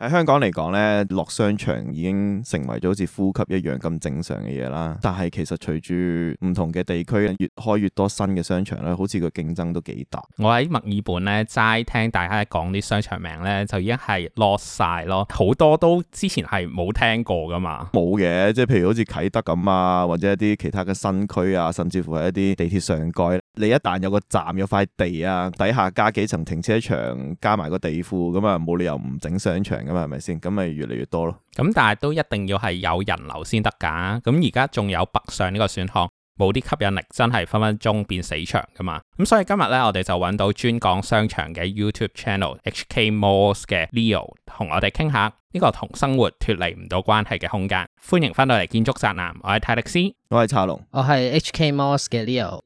喺香港嚟講呢，落商場已經成為咗好似呼吸一樣咁正常嘅嘢啦。但係其實隨住唔同嘅地區越開越多新嘅商場咧，好似個競爭都幾大。我喺墨爾本呢齋聽大家講啲商場名呢，就已經係落晒咯，好多都之前係冇聽過㗎嘛。冇嘅，即係譬如好似啟德咁啊，或者一啲其他嘅新區啊，甚至乎係一啲地鐵上蓋。你一旦有個站有塊地啊，底下加幾層停車場，加埋個地庫，咁啊冇理由唔整商場。咁係咪先？咁咪越嚟越多咯。咁、 嗯、但係都一定要係有人流先得噶。咁而家仲有北上呢個選項，冇啲吸引力，真係分分鐘變死場噶嘛。咁、嗯、所以今日呢，我哋就搵到專講商場嘅 YouTube Channel hkmalls 嘅 Leo，同我哋傾下呢個同生活脫離唔到關係嘅空間。歡迎翻到嚟建築宅男，我係泰力斯，我係茶龍，我係 hkmalls 嘅 Leo。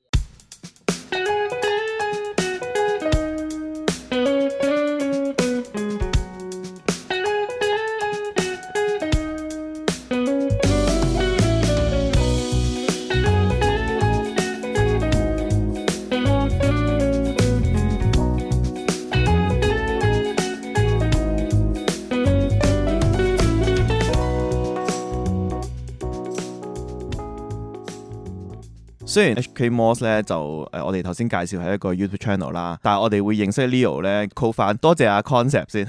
雖然 hkmalls 咧就誒、呃，我哋頭先介紹係一個 YouTube channel 啦，但係我哋會認識 Leo 咧，call 翻多謝阿、啊、Concept 先，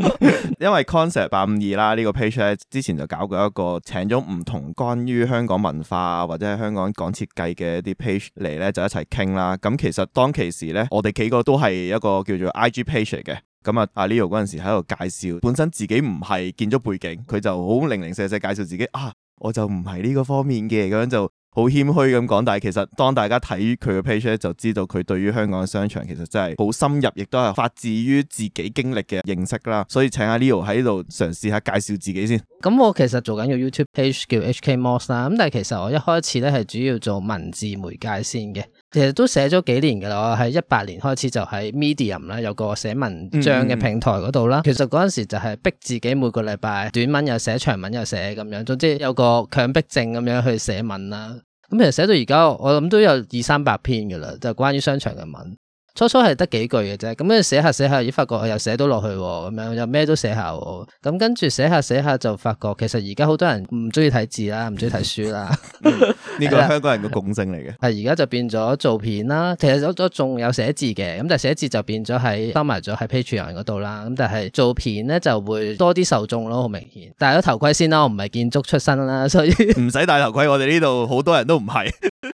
因為 Concept 八五二啦，呢、這個 page 咧之前就搞過一個請咗唔同關於香港文化或者係香港講設計嘅一啲 page 嚟咧，就一齊傾啦。咁其實當其時咧，我哋幾個都係一個叫做 IG page 嚟嘅，咁啊阿 Leo 嗰陣時喺度介紹，本身自己唔係建築背景，佢就好零零細細介紹自己啊，我就唔係呢個方面嘅，咁樣就。好謙虛咁講，但係其實當大家睇佢嘅 page 咧，就知道佢對於香港嘅商場其實真係好深入，亦都係發自於自己經歷嘅認識啦。所以請阿 Leo 喺度嘗試下介紹自己先。咁、嗯嗯、我其實做緊個 YouTube page 叫 hkmalls 啦。咁但係其實我一開始咧係主要做文字媒介先嘅，其實都寫咗幾年㗎啦。我喺一八年開始就喺 Medium 啦有個寫文章嘅平台嗰度啦。其實嗰陣時就係逼自己每個禮拜短文又寫，長文又寫咁樣，總之有個強迫症咁樣去寫文啦。咁其實寫到而家，我諗都有二三百篇噶啦，就關於商場嘅文。初初係得幾句嘅啫，咁樣寫下寫下，咦，發覺我又寫到落去，咁樣又咩都寫下。咁跟住寫下寫下，就發覺其實而家好多人唔中意睇字啦，唔中意睇書啦。 呢個係香港人嘅共性嚟嘅，係而家就變咗做片啦。其實我仲有寫字嘅，咁但係寫字就變咗喺收埋咗喺 Patreon 嗰度啦。咁但係做片咧就會多啲受眾咯，好明顯。戴咗頭盔先啦，我唔係建築出身啦，所以唔使戴頭盔。我哋呢度好多人都唔係。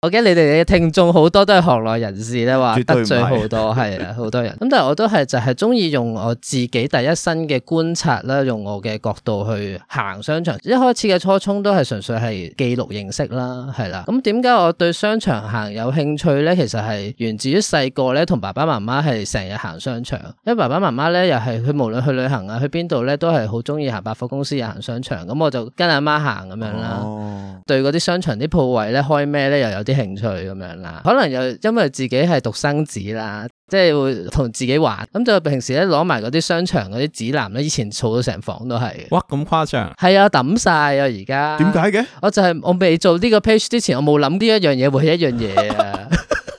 我估你哋嘅聽眾好多都係行內人士咧，話得罪好多係啊，好 多人。咁但係我都係就係中意用我自己第一身嘅觀察啦，用我嘅角度去行商場。一開始嘅初衷都係純粹係記錄認識啦，係啦。咁點解我對商場行有興趣咧？其實係源自於細個咧，同爸爸媽媽係成日行商場，因為爸爸媽媽咧又係佢無論去旅行啊，去邊度咧都係好中意行百貨公司、行商場。咁我就跟阿媽，媽行咁樣啦，哦、對嗰啲商場啲鋪位咧開咩咧又有啲興趣咁樣啦，可能又因為自己係獨生子啦，即係會同自己玩咁，就平時咧攞埋嗰啲商場嗰啲指南咧，以前儲到成房都係嘅，哇咁誇張！係啊，抌晒啊！而家點解嘅？我就係、是、我未做呢個 page 之前，我冇諗呢一樣嘢會係一樣嘢啊。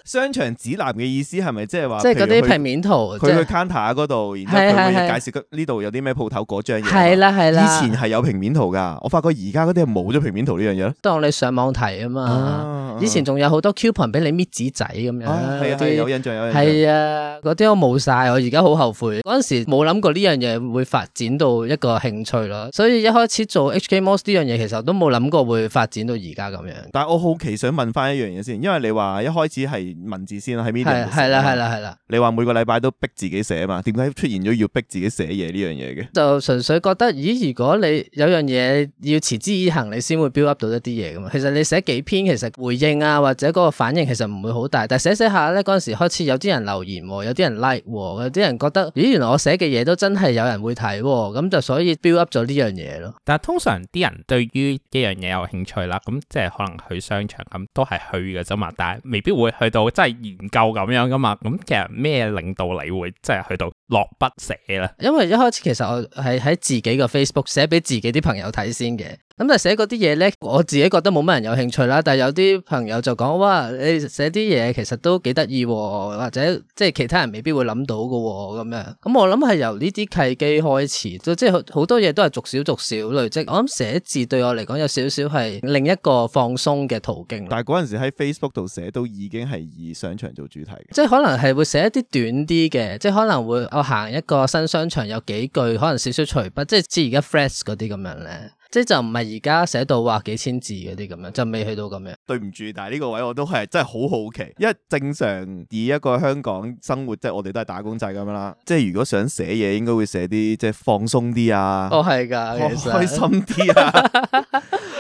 商場指南嘅意思係咪即係話？即係嗰啲平面圖，佢去 counter 嗰度，然後佢咪介紹呢度有啲咩鋪頭，嗰張嘢。係啦係啦，以前係有平面圖㗎。我發覺而家嗰啲係冇咗平面圖呢樣嘢。當你上網睇啊嘛，以前仲有好多 coupon 俾你搣紙仔咁樣。係啊係啊，有印象有印象。係啊，嗰啲我冇晒，我而家好後悔。嗰陣時冇諗過呢樣嘢會發展到一個興趣咯。所以一開始做 hkmalls 呢樣嘢，其實都冇諗過會發展到而家咁樣。但係我好奇想問翻一樣嘢先，因為你話一開始係。文字先啦，喺呢度寫啦。係啦、啊，係啦，係啦。你話每個禮拜都逼自己寫嘛？點解出現咗要逼自己寫嘢呢樣嘢嘅？就純粹覺得，咦？如果你有樣嘢要持之以恆，你先會 build up 到一啲嘢噶嘛。其實你寫幾篇，其實回應啊或者嗰個反應其實唔會好大。但係寫寫下咧，嗰陣時開始有啲人留言、啊，有啲人 like，啊，有啲人覺得，咦？原來我寫嘅嘢都真係有人會睇、啊，咁就所以 build up 咗呢樣嘢咯。但係通常啲人對於一樣嘢有興趣啦，咁即係可能去商場咁都係去嘅啫嘛，但係未必會去到，真係研究咁樣噶嘛，咁其實咩令到你會真係、就是、去到落筆寫咧？因為一開始其實我係喺自己嘅 Facebook 寫俾自己啲朋友睇先嘅。咁但係寫嗰啲嘢咧，我自己覺得冇乜人有興趣啦。但係有啲朋友就講哇，你寫啲嘢其實都幾得意，或者即係其他人未必會諗到噶咁樣。咁、嗯、我諗係由呢啲契機開始，即係好多嘢都係逐少逐少累積。即我諗寫字對我嚟講有少少係另一個放鬆嘅途徑。但係嗰陣時喺 Facebook 度寫都已經係以商場做主題嘅，即係可能係會寫一啲短啲嘅，即係可能會我行一個新商場有幾句，可能少少隨筆，即係似而家 fresh 嗰啲咁樣咧。即係就唔係而家寫到話幾千字嗰啲咁樣，就未去到咁樣。對唔住，但係呢個位我都係真係好好奇，因為正常以一個香港生活，即係我哋都係打工仔咁樣啦。即係如果想寫嘢，應該會寫啲即係放鬆啲啊，哦，係噶，開心啲啊。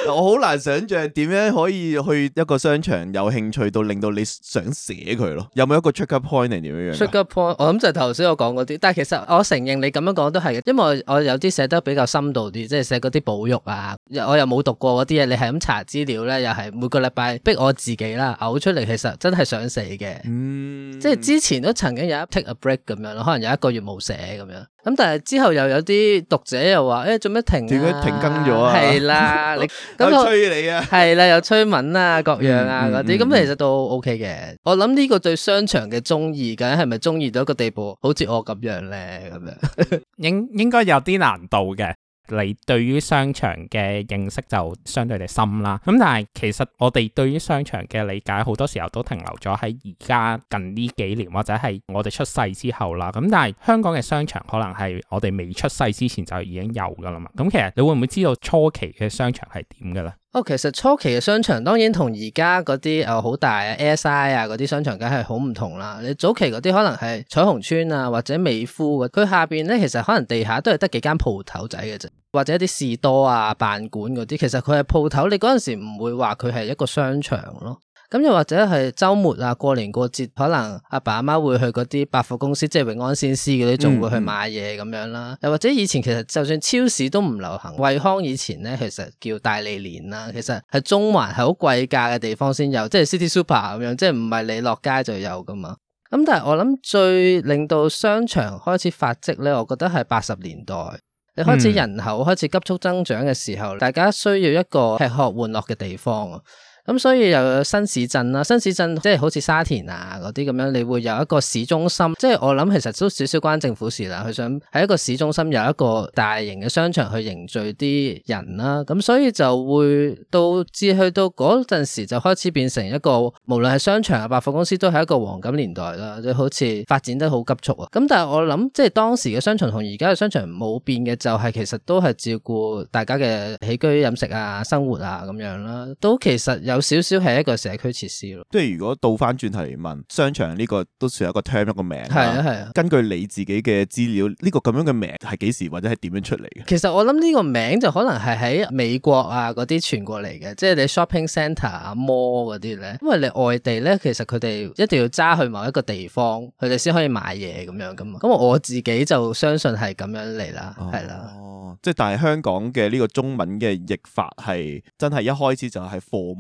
我好難想象點樣可以去一個商場有興趣到令到你想寫佢咯？有冇一個 trigger point 定點樣樣？trigger point，我諗就係頭先我講嗰啲，但係其實我承認你咁樣講都係嘅，因為我有啲寫得比較深度啲，即係寫嗰啲保育。讀啊，我又冇讀過嗰啲嘢，你係咁查資料咧，又係每個禮拜逼我自己啦，嘔出嚟，其實真係想死嘅。嗯，即係之前都曾經有一 take a break 咁樣咯，可能有一個月冇寫咁樣。咁但係之後又有啲讀者又話，誒、欸，做咩停？點解停更咗啊？係、啊、啦， 你咁 催你啊，係啦，又催文啊，各樣啊嗰啲。咁、嗯、其實都 OK 嘅。嗯、我諗呢個對商場嘅中意，梗係咪中意到一個地步，好似我咁樣咧？咁 樣應應該有啲難度嘅。你對於商場嘅認識就相對地深啦，咁但係其實我哋對於商場嘅理解好多時候都停留咗喺而家近呢幾年，或者係我哋出世之後啦，咁但係香港嘅商場可能係我哋未出世之前就已經有㗎啦嘛，咁其實你會唔會知道初期嘅商場係點嘅呢？哦，其實初期嘅商場當然同而家嗰啲誒好大啊、ASI 啊嗰啲商場梗係好唔同啦。你早期嗰啲可能係彩虹村啊或者美孚嘅，佢下邊咧其實可能地下都係得幾間鋪頭仔嘅啫，或者啲士多啊、辦館嗰啲，其實佢係鋪頭，你嗰陣時唔會話佢係一個商場咯。咁又或者係周末啊，過年過節，可能阿爸阿媽會去嗰啲百貨公司，即係永安先、先施嗰啲，仲會去買嘢咁樣啦。嗯、又或者以前其實就算超市都唔流行，惠康以前咧其實叫大利連啦，其實係中環係好貴價嘅地方先有，即係 City Super 咁樣，即係唔係你落街就有噶嘛。咁但係我諗最令到商場開始發跡咧，我覺得係八十年代，嗯、你開始人口開始急速增長嘅時候，大家需要一個吃喝玩樂嘅地方啊。咁所以又有新市鎮啦，新市鎮即係好似沙田啊嗰啲咁樣，你會有一個市中心，即係我諗其實都少少關政府事啦。佢想喺一個市中心有一個大型嘅商場去凝聚啲人啦。咁所以就會導致去到嗰陣時就開始變成一個無論係商場啊、百貨公司都係一個黃金年代啦。就好似發展得好急促啊。咁但係我諗即係當時嘅商場同而家嘅商場冇變嘅就係其實都係照顧大家嘅起居飲食啊、生活啊咁樣啦，都其實有。有少少係一個社區設施咯。即係如果倒返轉頭嚟問商場呢個都算一個 term 一個名。係啊係啊。根據你自己嘅資料，呢、這個咁樣嘅名係幾時或者係點樣出嚟嘅？其實我諗呢個名就可能係喺美國啊嗰啲傳過嚟嘅，即係你 shopping centre 啊 mall 嗰啲咧。因為你外地咧，其實佢哋一定要揸去某一個地方，佢哋先可以買嘢咁樣㗎嘛。咁我自己就相信係咁樣嚟、哦、啦，係啦。哦，即係但係香港嘅呢個中文嘅譯法係真係一開始就係 for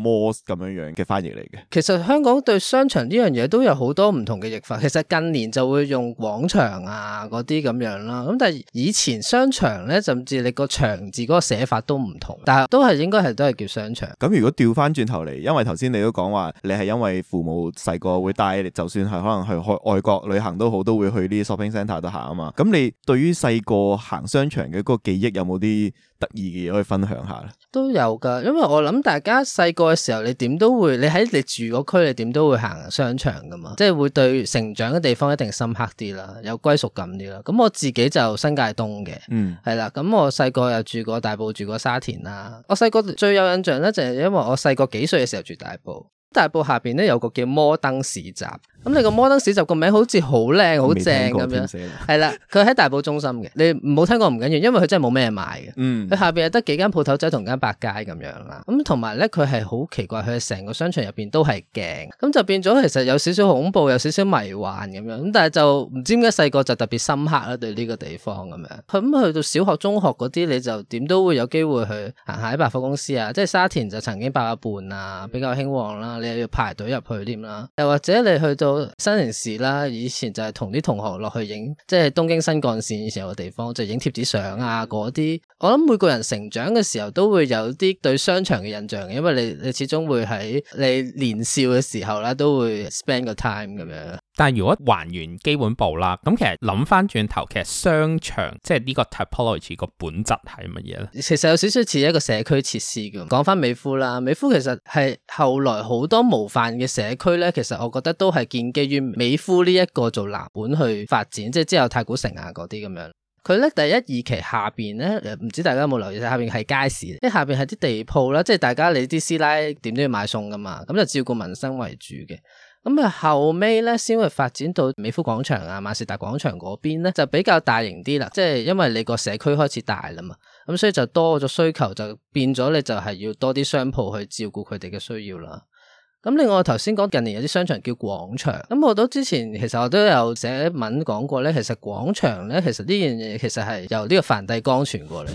咁樣樣嘅翻譯嚟嘅。其實香港對商場呢樣嘢都有好多唔同嘅譯法。其實近年就會用廣場啊嗰啲咁樣啦，咁但係以前商場呢，甚至你個場字嗰個寫法都唔同，但係都係應該係都係叫商場。咁如果調翻轉頭嚟，因為頭先你都講話，你係因為父母細個會帶你，就算係可能去外外國旅行都好，都會去啲 shopping center 度行啊嘛。咁你對於細個行商場嘅嗰個記憶有冇啲？得意嘅嘢，可以分享下咧？都有噶。因為我諗大家細個嘅時候，你點都會，你喺你住個區，你點都會行商場噶嘛。即係會對成長嘅地方一定深刻啲啦，有歸屬感啲啦。咁我自己就新界東嘅，嗯，係啦。咁我細個又住過大埔，住過沙田啦。我細個最有印象咧，就係因為我細個幾歲嘅時候住大埔，大埔下邊咧，有個叫摩登市集。咁你個摩登市集個名好似好靚好正咁樣，係啦，佢喺大埔中心嘅，你冇聽過唔緊要，因為佢真係冇咩賣嘅。嗯，佢下邊有得幾間鋪頭仔同間百佳咁樣啦。咁同埋咧，佢係好奇怪，佢成個商場入邊都係鏡，咁就變咗其實有少少恐怖，有少少迷幻咁樣。咁但係就唔知點解細個就特別深刻啦對呢個地方咁樣。咁去到小學、中學嗰啲，你就點都會有機會去行下喺百貨公司啊，即係沙田就曾經八佰伴啊，比較興旺啦。你又要排隊入去添啦，又或者你去到。新城市啦，以前就係同啲同學落去影，即係東京新干線以前個地方，就影貼紙相啊嗰啲。我諗每個人成長嘅時候都會有啲對商場嘅印象，因為你你始終會喺你年少嘅時候呢，都會 spend 個 time 咁樣。但係如果還原基本步啦，咁其實諗翻轉頭，其實商場即係呢個 typology 個本質係乜嘢咧？其實有少少似一個社區設施嘅。講翻美孚啦，美孚其實係後來好多模範嘅社區咧，其實我覺得都係建基於美孚呢一個做藍本去發展，即係之後太古城啊嗰啲咁樣。佢咧第一二期下邊咧，唔知大家有冇留意，下邊係街市，即係下邊係啲地鋪啦，即係大家你啲師奶點都要買餸噶嘛，咁就照顧民生為主嘅。咁啊，後尾咧先會發展到美孚廣場啊、馬士達廣場嗰邊咧，就比較大型啲啦。即係因為你個社區開始大啦嘛，咁所以就多咗需求，就變咗你就係要多啲商鋪去照顧佢哋嘅需要啦。咁另外頭先講近年有啲商場叫廣場，咁我都之前其實我都有寫一文講過咧，其實廣場咧，其實呢樣嘢其實係由呢個梵蒂岡傳過嚟，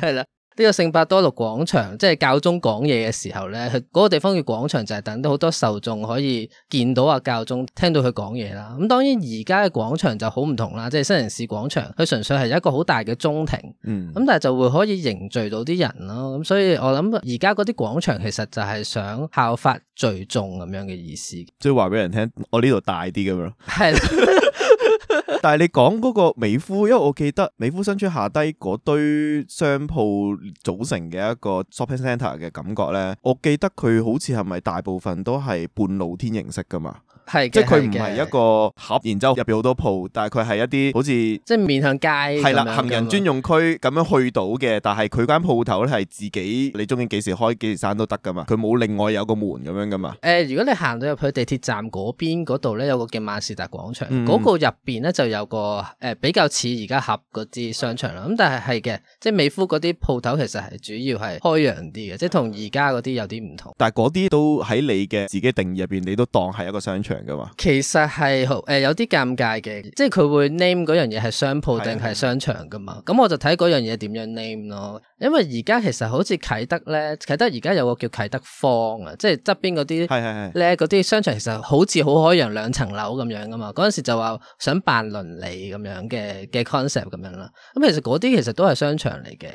係啦。呢個聖伯多祿廣場，即係教宗講嘢嘅時候咧，嗰個地方嘅廣場，就係等到好多受眾可以見到啊教宗聽到佢講嘢啦。咁當然而家嘅廣場就好唔同啦，即係新城市廣場，佢純粹係一個好大嘅中庭。嗯，咁但係就會可以凝聚到啲人咯。咁所以我諗而家嗰啲廣場其實就係想效法聚眾咁樣嘅意思，即係話俾人聽，我呢度大啲咁樣。係。 但係你講個美孚，因為我記得美孚新村下低堆商鋪組成嘅一個 shopping center 嘅感覺咧，我記得佢好似係咪大部分都係半露天形式噶嘛？係，即係佢唔係一個盒，然之後入邊好多鋪，但係佢係一啲好似即係面向街的，係啦，行人專用區咁樣去到嘅。但係佢間鋪頭咧係自己，的你中意幾時開幾時閂都得噶嘛。佢冇另外有個門咁樣噶嘛。誒、呃，如果你行到入去地鐵站嗰邊嗰度咧，有個叫萬事達廣場，嗰、嗯、個入邊咧就有個誒、呃、比較似而家盒嗰啲商場啦。咁、嗯、但係係嘅，即係美孚嗰啲鋪頭其實係主要係開揚啲嘅，即係同而家嗰啲有啲唔同。但係嗰啲都喺你嘅自己定義入邊，你都當係一個商場。其實係好、誒、呃、有啲尷尬嘅，即係佢會 name 嗰樣嘢，係商鋪定係商場噶嘛？咁的我就睇嗰樣嘢點樣 name 咯。因為而家其實好似啟德咧，啟德而家有個叫啟德坊啊，即係側邊嗰啲咧，嗰啲商場，其實好似好開揚兩層樓咁樣噶嘛。嗰陣時就話想辦鄰里咁樣嘅嘅 concept 咁樣啦。咁其實嗰啲其實都係商場嚟嘅。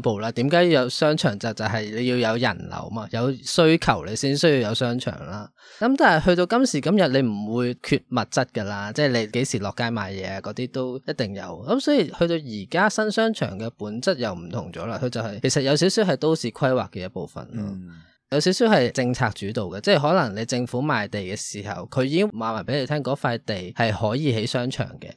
本點解有商場就係、就係、是、你要有人流嘛，有需求你先需要有商場啦。咁、嗯、但係去到今時今日，你唔會缺物質噶啦，即係你幾時落街買嘢嗰啲都一定有。咁、嗯、所以去到而家新商場嘅本質又唔同咗啦，佢就係、是、其實有少少係都市規劃嘅一部分，嗯、有少少係政策主導嘅，即係可能你政府賣地嘅時候，佢已經賣埋俾你聽嗰塊地係可以起商場嘅。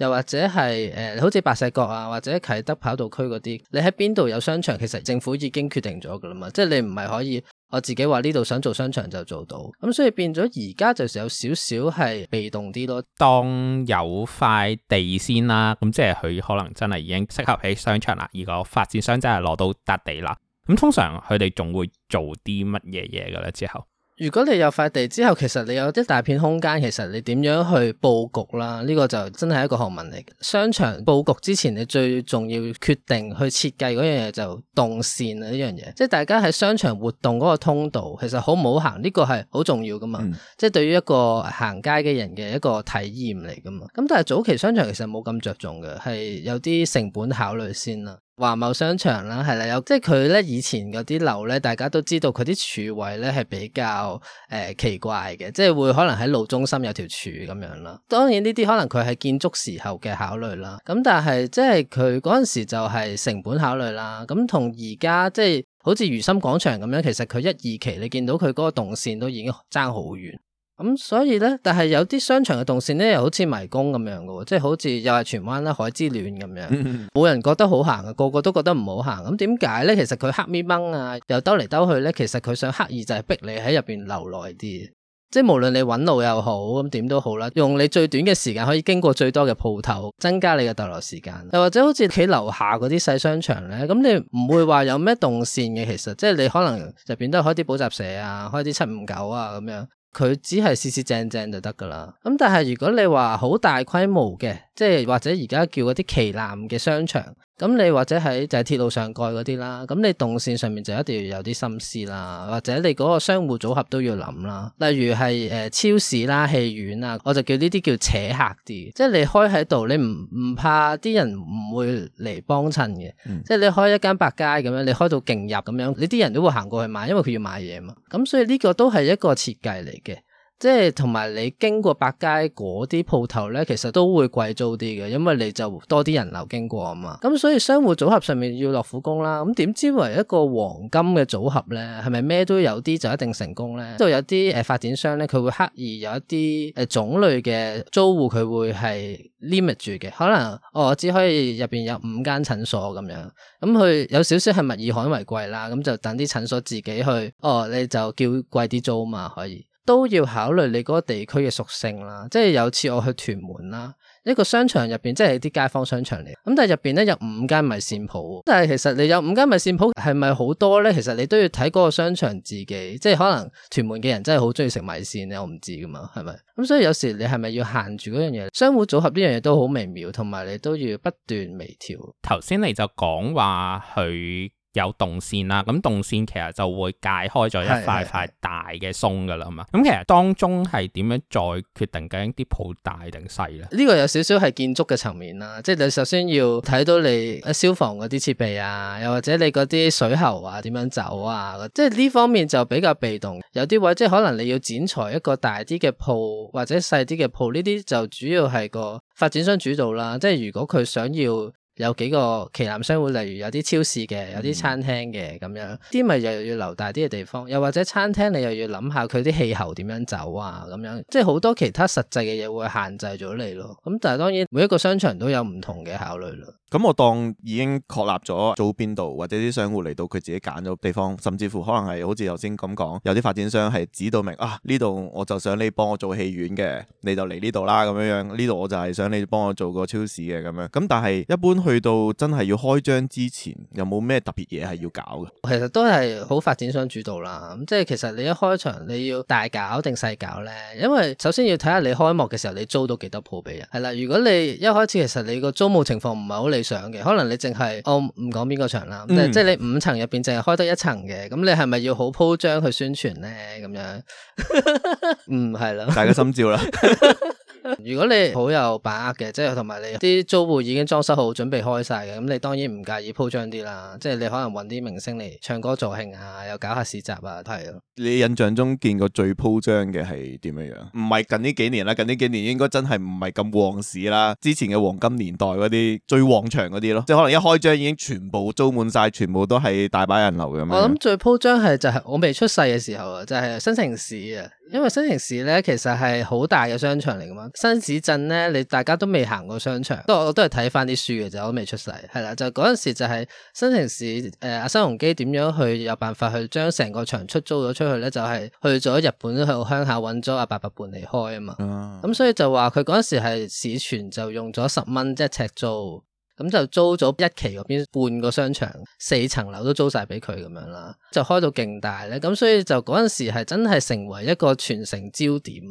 又或者係誒、呃，好似白石角啊，或者啟德跑道區嗰啲，你喺邊度有商場，其實政府已經決定咗㗎啦嘛，即係你唔係可以我自己話呢度想做商場就做到，咁所以變咗而家就有少少係被動啲咯。當有塊地先啦，咁即係佢可能真係已經適合起商場啦，而個發展商真係攞到笪地啦，咁通常佢哋仲會做啲乜嘢嘢㗎咧之後？如果你有塊地之後，其實你有啲大片空間，其實你點樣去佈局啦？呢個就真係一個學問嚟。商場佈局之前，你最重要決定去設計嗰樣嘢就動線啊呢樣嘢，即係大家喺商場活動嗰個通道，其實好唔好行？呢個係好重要噶嘛。嗯、即係對於一個行街嘅人嘅一個體驗嚟噶嘛。咁但係早期商場其實冇咁着重嘅，係有啲成本考慮先啦。華茂商場啦，係啦，有即係佢咧以前嗰啲樓咧，大家都知道佢啲柱位咧係比較誒、呃、奇怪嘅，即係會可能喺路中心有條柱咁樣啦。當然呢啲可能佢係建築時候嘅考慮啦。咁但係即係佢嗰陣時就係成本考慮啦。咁同而家即係好似如心廣場咁樣，其實佢一二期你見到佢嗰個動線都已經爭好遠。咁、嗯、所以咧，但係有啲商場嘅動線咧，又好似迷宮咁樣嘅喎，即係好似又係荃灣啦、海之戀咁樣，冇 人覺得好行呀，個個都覺得唔好行。咁點解咧？其實佢黑咪掹啊，又兜嚟兜去咧。其實佢想刻意就係逼你喺入邊留耐啲，即係無論你揾路又好，咁點都好啦。用你最短嘅時間可以經過最多嘅鋪頭，增加你嘅逗留時間。又或者好似企樓下嗰啲細商場咧，咁你唔會話有咩動線嘅，其實即係你可能入邊都開啲補習社啊，開啲七五九啊咁樣。佢只係試試正正就得噶啦，咁但係如果你話好大規模嘅。即係或者而家叫嗰啲旗艦嘅商場，咁你或者喺就係鐵路上蓋嗰啲啦，咁你動線上面就一定要有啲心思啦，或者你嗰個商戶組合都要諗啦。例如係誒超市啦、戲院啦，我就叫呢啲叫扯客啲，即係你開喺度，你唔唔怕啲人唔會嚟幫襯嘅。嗯、即係你開一間百佳咁樣，你開到勁入咁樣，你啲人都會行過去買，因為佢要買嘢嘛。咁所以呢個都係一個設計嚟嘅。即係同埋你經過百佳嗰啲鋪頭咧，其實都會貴租啲嘅，因為你就多啲人流經過啊嘛。咁、嗯、所以商戶組合上面要落苦功啦。咁、嗯、點知為一個黃金嘅組合咧，係咪咩都有啲就一定成功咧？即係有啲誒發展商咧，佢會刻意有一啲誒種類嘅租戶，佢會係 limit 住嘅。可能哦，只可以入邊有五間診所咁樣。咁、嗯、佢有少少係物以罕為貴啦。咁、嗯、就等啲診所自己去哦，你就叫貴啲租啊嘛，可以。都要考慮你嗰個地區嘅屬性啦，即係有次我去屯門啦，一個商場入邊即係啲街坊商場嚟，咁但係入邊咧有五間米線鋪，但係其實你有五間米線鋪係咪好多咧？其實你都要睇嗰個商場自己，即係可能屯門嘅人真係好中意食米線咧，我唔知噶嘛，係咪？咁所以有時你係咪要限住嗰樣嘢？商戶組合呢樣嘢都好微妙，同埋你都要不斷微調。頭先你就講話佢。有動線啦，咁動線其實就會解開咗一塊塊大嘅松噶啦嘛。咁是其實當中係點樣再決定究竟啲鋪大定細咧？呢個有少少係建築嘅層面啦，即係你首先要睇到你消防嗰啲設備啊，又或者你嗰啲水喉啊點樣走啊，即係呢方面就比較被動。有啲位即係可能你要剪裁一個大啲嘅鋪或者細啲嘅鋪，呢啲就主要係個發展商主導啦。即係如果佢想要。有幾個旗艦商會，例如有啲超市嘅，有啲餐廳嘅咁樣，啲咪又要留大啲嘅地方，又或者餐廳你又要諗下佢啲氣喉點樣走啊咁樣，即係好多其他實際嘅嘢會限制咗你咯。咁但係當然每一個商場都有唔同嘅考慮啦。咁我當已經確立咗租邊度，或者啲商戶嚟到佢自己揀咗地方，甚至乎可能係好似頭先咁講，有啲發展商係指到明啊，呢度我就想你幫我做戲院嘅，你就嚟呢度啦咁樣樣，呢度我就係想你幫我做個超市嘅咁樣。咁但係一般去到真係要開張之前，有冇咩特別嘢係要搞嘅？其實都係好發展商主導啦。咁即係其實你一開場你要大搞定細搞咧，因為首先要睇下你開幕嘅時候你租到幾多鋪俾人。係啦，如果你一開始其實你個租務情況唔係好理想嘅，可能你淨係我唔講邊個場啦，嗯、即係你五層入邊淨係開得一層嘅，咁你係咪要好鋪張去宣傳咧？咁樣，嗯，係啦，大家心照啦。 如果你好有把握嘅，即係同埋你啲租戶已經裝修好，準備開晒嘅，咁你當然唔介意鋪張啲啦。即係你可能搵啲明星嚟唱歌助興啊，又搞下市集啊，都係咯。你印象中見過最鋪張嘅係點樣樣？唔係近呢幾年啦，近呢幾年應該真係唔係咁旺市啦。之前嘅黃金年代嗰啲最旺場嗰啲咯，即係可能一開張已經全部租滿晒，全部都係大把人流咁樣。我諗最鋪張係就係我未出世嘅時候啊，就係新城市啊。因為新城市咧，其實係好大嘅商場嚟噶嘛，新市鎮咧，你大家都未行過商場，都我都係睇翻啲書嘅啫，我都未出世，係啦，就嗰陣時就係新城市誒，阿新鴻基點樣去有辦法去將成個場出租咗出去咧，就係、是、去咗日本去鄉下揾咗阿八佰伴嚟開啊嘛，咁、嗯嗯、所以就話佢嗰陣時係市傳，就用咗十蚊一尺租。咁就租咗一期嗰邊半個商場，四層樓都租曬俾佢咁樣啦，就開到勁大咧，咁所以就嗰陣時係真係成為一個全城焦點。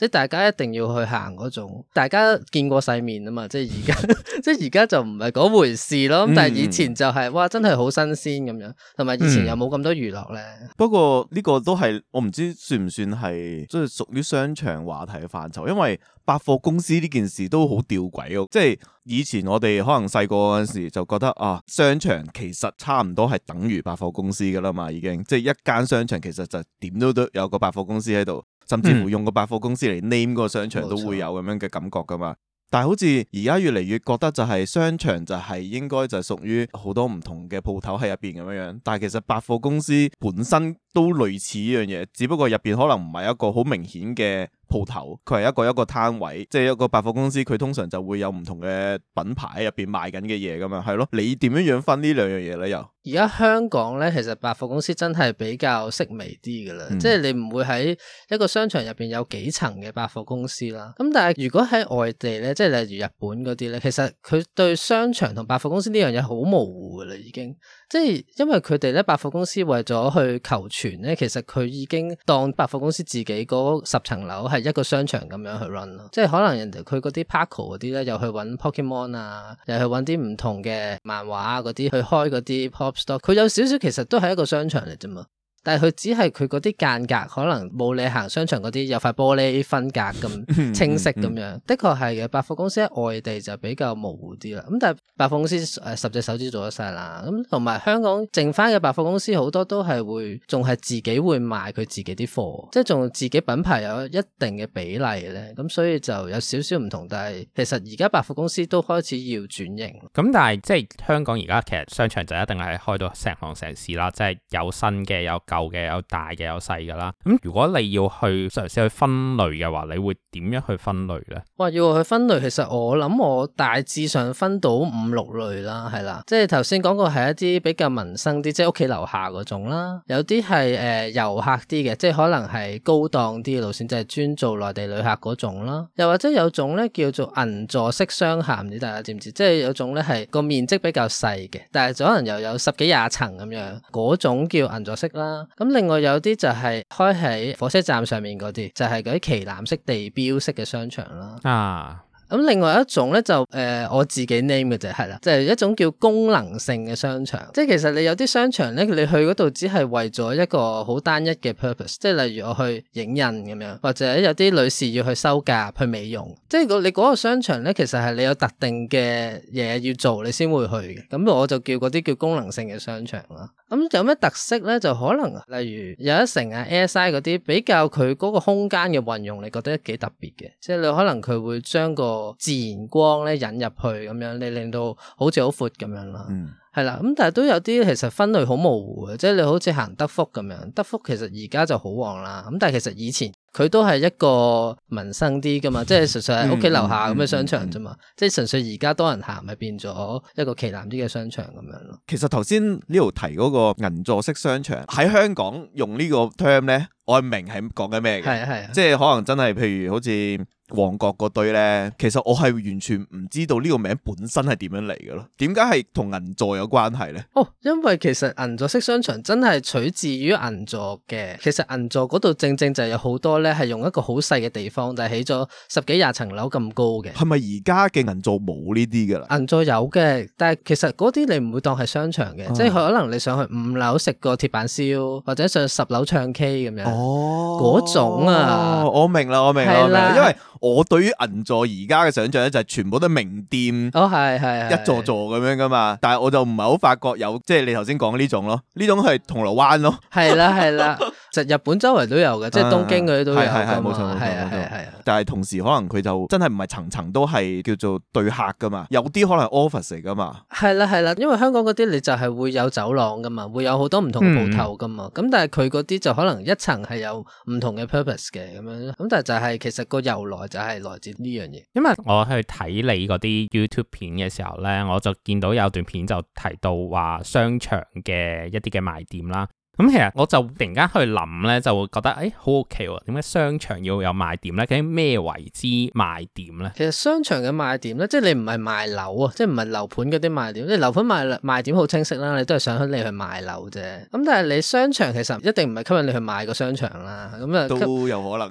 即係大家一定要去行嗰種，大家見過世面啊嘛！即係而家，即係而家就唔係嗰回事咯。但係以前就係、是嗯、哇，真係好新鮮咁樣，同埋以前又冇咁多娛樂咧。不過呢個都係我唔知算唔算係即係屬於商場話題嘅範疇，因為百貨公司呢件事都好吊詭咯。即係以前我哋可能細個嗰陣時就覺得啊，商場其實差唔多係等於百貨公司噶啦嘛，已經即係一間商場其實就點都都有個百貨公司喺度。甚至乎用個百貨公司嚟 name 個商場、嗯、都會有咁樣嘅感覺噶嘛，沒錯 但係好似而家越嚟越覺得就係商場就係應該就係屬於好多唔同嘅鋪頭喺入邊咁樣樣，但係其實百貨公司本身都類似呢樣嘢，只不過入邊可能唔係一個好明顯嘅鋪頭佢係一個一個攤位，即係一個百貨公司，佢通常就會有唔同嘅品牌喺入邊賣緊嘅嘢咁樣，係咯？你點樣樣分呢兩樣嘢咧？又而家香港咧，其實百貨公司真係比較式微啲噶啦，嗯、即係你唔會喺一個商場入邊有幾層嘅百貨公司啦。咁但係如果喺外地咧，即係例如日本嗰啲咧，其實佢對商場同百貨公司呢樣嘢好模糊噶啦，已經。即係因為佢哋咧，百貨公司為咗去求存咧，其實佢已經當百貨公司自己嗰十層樓係一個商場咁樣去 run 咯。即係可能人哋佢嗰啲 Parco 嗰啲咧，又去揾 Pokemon 啊，又去揾啲唔同嘅漫畫嗰啲去開嗰啲 pop store。佢有少少其實都係一個商場嚟啫嘛。但係佢只係佢嗰啲間隔可能冇你行商場嗰啲有塊玻璃分隔咁清晰咁 樣。的確係嘅，百貨公司喺外地就比較模糊啲啦。咁但係。百貨公司誒，十隻手指做得晒啦，咁同埋香港剩翻嘅百貨公司好多都係會仲係自己會賣佢自己啲貨，即係仲自己品牌有一定嘅比例咧，咁所以就有少少唔同，但係其實而家百貨公司都開始要轉型，咁但係即係香港而家其實商場就一定係開到成行成市啦，即係有新嘅有舊嘅有大嘅有細㗎啦。咁如果你要去嘗試去分類嘅話，你會點樣去分類咧？哇！要去分類，其實我諗我大致上分到五六類啦，係啦，即係頭先講過係一啲比較民生啲，即係屋企樓下嗰種啦，有啲係誒遊客啲嘅，即係可能係高檔啲嘅路線，就係、是、專做內地旅客嗰種啦，又或者有種咧叫做銀座式商廈，唔知大家知唔知？即係有種咧係個面積比較細嘅，但係可能又有十幾廿層咁樣，嗰種叫銀座式啦。咁另外有啲就係開喺火車站上面嗰啲，就係嗰啲旗艦式地標式嘅商場啦。啊！咁另外一種咧就誒、呃、我自己 name 嘅啫，係啦，即、就、係、係、一種叫功能性嘅商場，即係其實你有啲商場咧，你去嗰度只係為咗一個好單一嘅 purpose，即係例如我去影印咁樣，或者有啲女士要去修甲、去美容，即係你嗰個商場咧，其實係你有特定嘅嘢要做，你先會去。咁我就叫嗰啲叫功能性嘅商場啦。咁有咩特色咧？就可能例如有一成啊 AI 嗰啲比較佢嗰個空間嘅運用，你覺得幾特別嘅？即係你可能佢會將個自然光咧引入去咁樣，你令到好似好闊咁樣啦。係啦、嗯，咁但係都有啲其實分類好模糊嘅，即係你好似行德福咁樣，德福其實而家就好旺啦。咁但係其實以前。佢都係一個民生啲噶嘛，即係、 嗯、純粹喺屋企樓下咁嘅商場啫嘛，即係、嗯嗯嗯、純粹而家多人行，咪變咗一個旗艦啲嘅商場咁樣咯。其實頭先呢度提嗰個銀座式商場喺香港用個呢個 term 咧，我係明係講緊咩嘅，係啊係啊，即係可能真係譬如好似旺角嗰堆咧，其實我係完全唔知道呢個名本身係點樣嚟嘅咯，點解係同銀座有關係咧？哦，因為其實銀座式商場真係取自於銀座嘅，其實銀座嗰度正正就係有好多咧，係用一個好細嘅地方，就係起咗十幾廿層樓咁高嘅。係咪而家嘅銀座冇呢啲嘅啦？銀座有嘅，但係其實嗰啲你唔會當係商場嘅，嗯、即係可能你上去五樓食個鐵板燒，或者上去十樓唱 K 咁樣。哦哦，嗰種啊，我明啦，我明啦，我明啦，因為我對於銀座而家嘅想象咧，就係全部都係名店哦，哦係係一座座咁樣噶嘛，但係我就唔係好發覺有，即係你頭先講呢種咯，呢種係銅鑼灣咯，係啦係啦。 日本周圍都有嘅，即係東京嗰啲都有噶，冇錯冇錯冇錯。但係同時可能佢就真係唔係層層都係叫做對客噶嘛，有啲可能係 office 嚟噶嘛。係啦係啦，因為香港嗰啲你就係會有走廊噶嘛，會有好多唔同嘅鋪頭噶嘛。咁、嗯、但係佢嗰啲就可能一層係有唔同嘅 purpose 嘅咁樣。咁但係就係其實個由來就係來自呢樣嘢。因為我去睇你嗰啲 YouTube 片嘅時候咧，我就見到有段片就提到話商場嘅一啲嘅賣點啦。咁其實我就突然間去諗咧，就會覺得誒好好奇啊！點解商場要有賣點咧？究竟咩為之賣點咧？其實商場嘅賣點咧，即係你唔係賣樓啊，即係唔係樓盤嗰啲賣點。即係樓盤賣賣點好清晰啦，你都係想你去賣樓啫。咁但係你商場其實一定唔係吸引你去買個商場啦。咁啊都有可能，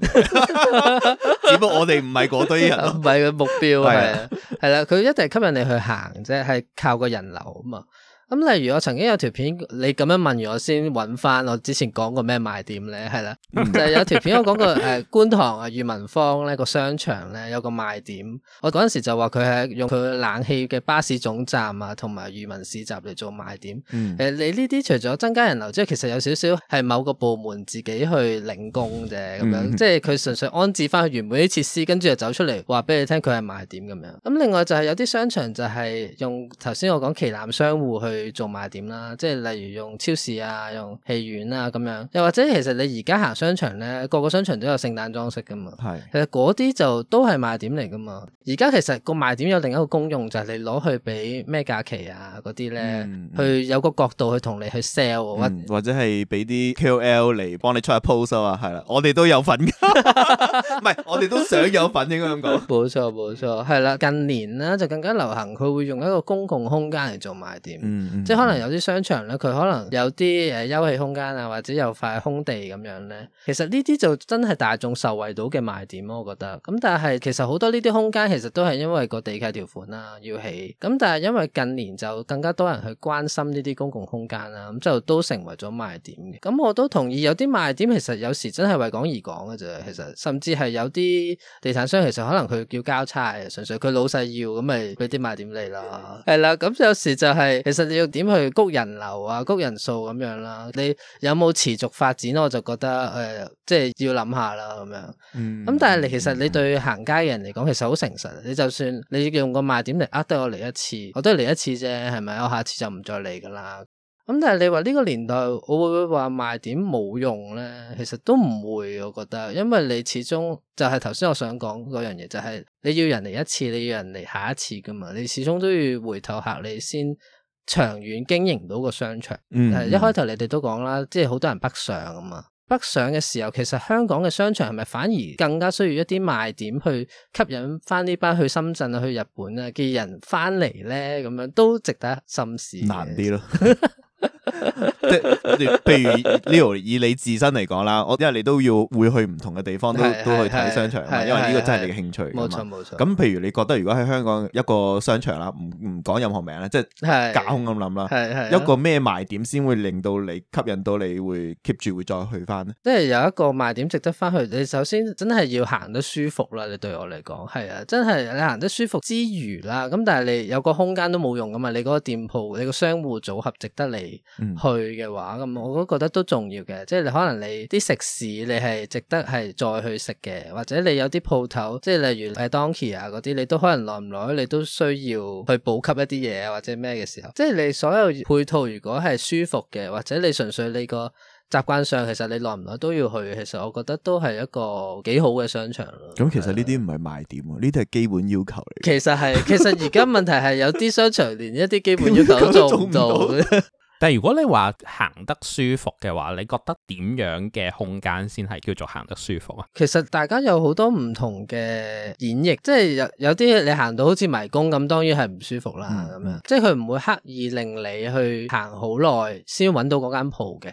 只不過我哋唔係嗰堆人，唔係個目標係啊，係啦，佢一定吸引你去行啫，係靠個人流啊嘛。咁例如我曾經有條片，你咁樣問完我先揾翻我之前講過咩賣點呢。係啦， 就係有條片我講過誒、呃、觀塘啊裕民坊呢個商場呢，有個賣點，我嗰陣時就話佢係用佢冷氣嘅巴士總站啊，同埋裕民市集嚟做賣點。誒、嗯呃、你呢啲除咗增加人流之外，其實有少少係某個部門自己去領工嘅咁樣。嗯、即係佢純粹安置翻佢原本啲設施，跟住就走出嚟話俾你聽佢係賣點咁樣。咁、嗯、另外就係有啲商場就係用頭先我講旗艦商戶去要做賣點啦，即係例如用超市啊，用戲院啊咁樣，又或者其實你而家行商場咧，個個商場都有聖誕裝飾噶嘛，係是，其實嗰啲就都係賣點嚟噶嘛。而家其實個賣點有另一個功用，就係、是、你攞去俾咩假期啊嗰啲咧，呢嗯、去有個角度去同你去 sell，、嗯、或者係俾啲 KOL 嚟幫你出下 post 啊，係啦，我哋都有份噶，唔係，我哋都想有份應該咁講。冇錯冇錯，係啦，近年咧就更加流行，佢會用一個公共空間嚟做賣點。嗯即係可能有啲商場咧，佢可能有啲誒休憩空間啊，或者有塊空地咁樣咧。其實呢啲就真係大眾受惠到嘅賣點咯，我覺得。咁但係其實好多呢啲空間其實都係因為個地契條款啦要起。咁但係因為近年就更加多人去關心呢啲公共空間啦，咁就都成為咗賣點。咁我都同意有啲賣點其實有時真係為講而講嘅啫。其實甚至係有啲地產商其實可能佢要交差，純粹佢老細要咁咪俾啲賣點你咯。係啦，咁、嗯、有時就係、是、其實你要點去谷人流啊，谷人數咁樣啦？你有冇持續發展？我就覺得誒、嗯呃，即係要諗下啦，咁樣。咁、嗯嗯、但係你其實你對行街嘅人嚟講，其實好誠實。你就算你用個賣點嚟呃得我嚟一次，我都嚟一次啫，係咪？我下次就唔再嚟噶啦。咁、嗯、但係你話呢個年代，我會唔會話賣點冇用咧？其實都唔會，我覺得，因為你始終就係頭先我想講嗰樣嘢，就係、是、你要人嚟一次，你要人嚟下一次噶嘛，你始終都要回頭客，你先。長遠經營到個商場，一開頭你哋都講啦，即係好多人北上啊嘛，北上嘅時候，其實香港嘅商場係咪反而更加需要一啲賣點去吸引翻呢班去深圳啊、去日本啊嘅人翻嚟呢？咁樣都值得深思。難啲咯。即譬如 Leo，以你自身嚟講啦，我因為你都要會去唔同嘅地方，都都去睇商場，因為呢個真係你嘅興趣。冇錯冇錯。咁譬如你覺得如果喺香港一個商場啦，唔唔講任何名咧，即係架空咁諗啦，一個咩賣點先會令到你吸引到你會 keep 住會再去返咧？即係有一個賣點值得返去，你首先真係要行得舒服啦。你對我嚟講係啊，真係你行得舒服之餘啦，咁但係你有個空間都冇用㗎嘛。你嗰個店鋪，你個商戶組合值得你去。嘅話咁，我都覺得都重要嘅，即係你可能你啲食肆你係值得係再去食嘅，或者你有啲鋪頭，即係例如係 Donkey 啊嗰啲，你都可能耐唔耐你都需要去補給一啲嘢，或者咩嘅時候，即係你所有配套如果係舒服嘅，或者你純粹你個習慣上，其實你耐唔耐都要去，其實我覺得都係一個幾好嘅商場咯。咁其實呢啲唔係賣點，呢啲係基本要求嚟。其實係，其實而家問題係有啲商場連一啲基本要求都 做唔到。 但係如果你話行得舒服嘅話，你覺得點樣嘅空間先係叫做行得舒服啊？其實大家有好多唔同嘅演繹，即係有有啲你行到好似迷宮咁，當然係唔舒服啦。嗯、咁樣即係佢唔會刻意令你去行好耐先搵到嗰間鋪嘅。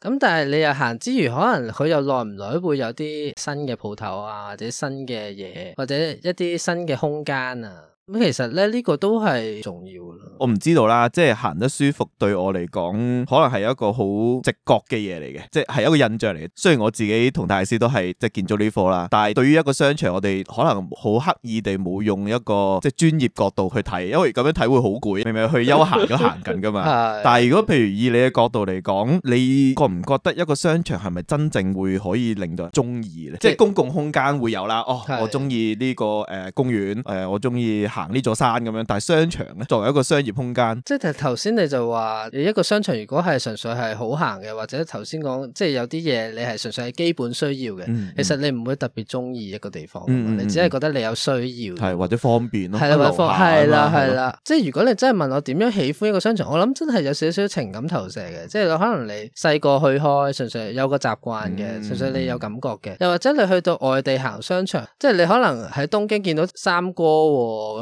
咁但係你又行之餘，可能佢又耐唔耐會有啲新嘅鋪頭啊，或者新嘅嘢，或者一啲新嘅空間啊。咁其實咧，呢個都係重要啦。我唔知道啦，即係行得舒服對我嚟講，可能係一個好直覺嘅嘢嚟嘅，即係係一個印象嚟嘅。雖然我自己同大師都係即係建築呢科啦，但係對於一個商場，我哋可能好刻意地冇用一個即係專業角度去睇，因為咁樣睇會好攰，明明去休閒咁行緊噶嘛。 是的 但係如果譬如以你嘅角度嚟講，你覺唔覺得一個商場係咪真正會可以令到人中意咧？即係是公共空間會有啦。哦，我中意呢個誒、呃、公園，誒、呃、我中意。行呢座山咁樣，但係商場咧，作為一個商業空間，即係頭先你就話，一個商場如果係純粹係好行嘅，或者頭先講，即係有啲嘢你係純粹係基本需要嘅，其實你唔會特別中意一個地方，你只係覺得你有需要，係或者方便咯，係啦，或者方便係啦，係啦，即係如果你真係問我點樣喜歡一個商場，我諗真係有少少情感投射嘅，即係可能你細個去開，純粹有個習慣嘅，純粹你有感覺嘅，又或者你去到外地行商場，即係你可能喺東京見到三哥。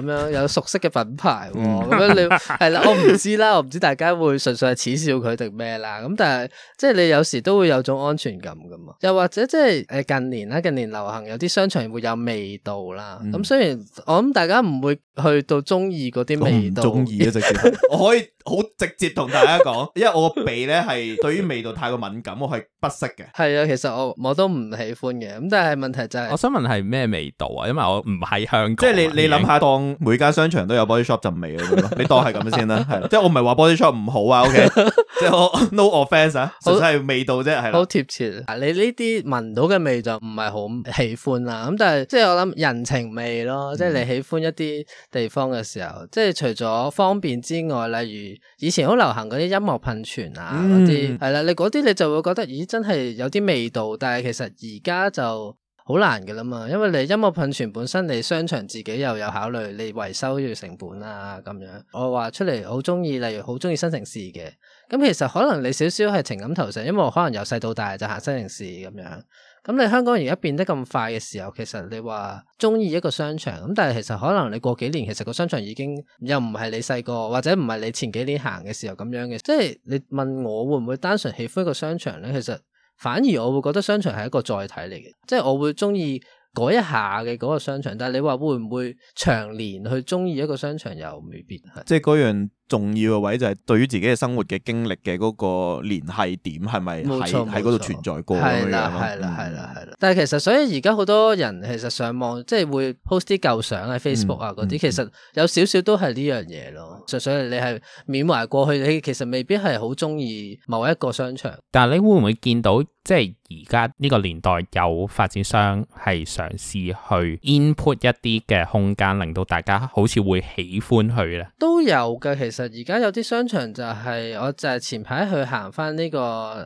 咁樣有熟悉嘅品牌、啊，咁、嗯、 樣你係啦，我唔知啦，我唔知大家會純粹係恥笑佢定咩啦。咁但係即係你有時都會有種安全感噶嘛。又或者即係誒近年啦，近年流行有啲商場會有味道啦。咁、嗯、雖然我諗大家唔會去到中意嗰啲味道，中意嘅直接我可以。 好直接同大家講，因為我個鼻咧係對於味道太過敏感，我係不識嘅。係啊，其實我我都唔喜歡嘅。咁但係問題就係， 我想問係咩味道啊？因為我唔喺香港，即係你你諗下，當每間商場都有 body shop 浸味嘅， 你當係咁先啦。係，即係我唔係話 body shop 唔好啊。o、okay? k 即係我 no offense 啊好，純粹味道啫，係好貼切。你呢啲聞到嘅味道就唔係好喜歡啦。咁但係即係我諗人情味咯，嗯、即係你喜歡一啲地方嘅時候，即係除咗方便之外，例如以前好流行嗰啲音樂噴泉啊，嗰啲係啦，你嗰啲你就會覺得，咦，真係有啲味道，但係其實而家就好難噶啦嘛，因為你音樂噴泉本身你商場自己又有考慮，你維修要成本啊咁樣。我話出嚟，好中意，例如好中意新城市嘅。咁其實可能你少少係情感投射，因為我可能由細到大就行新城市咁樣。咁你香港而家變得咁快嘅時候，其實你話中意一個商場咁，但係其實可能你過幾年，其實個商場已經又唔係你細個或者唔係你前幾年行嘅時候咁樣嘅。即係你問我會唔會單純喜歡一個商場呢？其實反而我會覺得商場係一個載體嚟嘅，即係我會中意嗰一下嘅嗰個商場。但係你話會唔會長年去中意一個商場又未必係。即係嗰樣。重要嘅位就係對於自己嘅生活嘅經歷嘅嗰個聯繫點，係咪喺喺嗰度存在過？冇錯，係啦，係啦，係啦，係啦。但係其實所以而家好多人其實上網即係會 post 啲舊相喺 Facebook 啊嗰啲，嗯、其實有少少都係呢樣嘢咯。就所以你係緬懷過去，你其實未必係好中意某一個商場，但係你會唔會見到即係而家呢個年代有發展商係嘗試去 input 一啲嘅空間令到大家好似會喜歡去咧？都有嘅，其實。其實而家有啲商場就係我就係前排去行翻呢、呢個誒、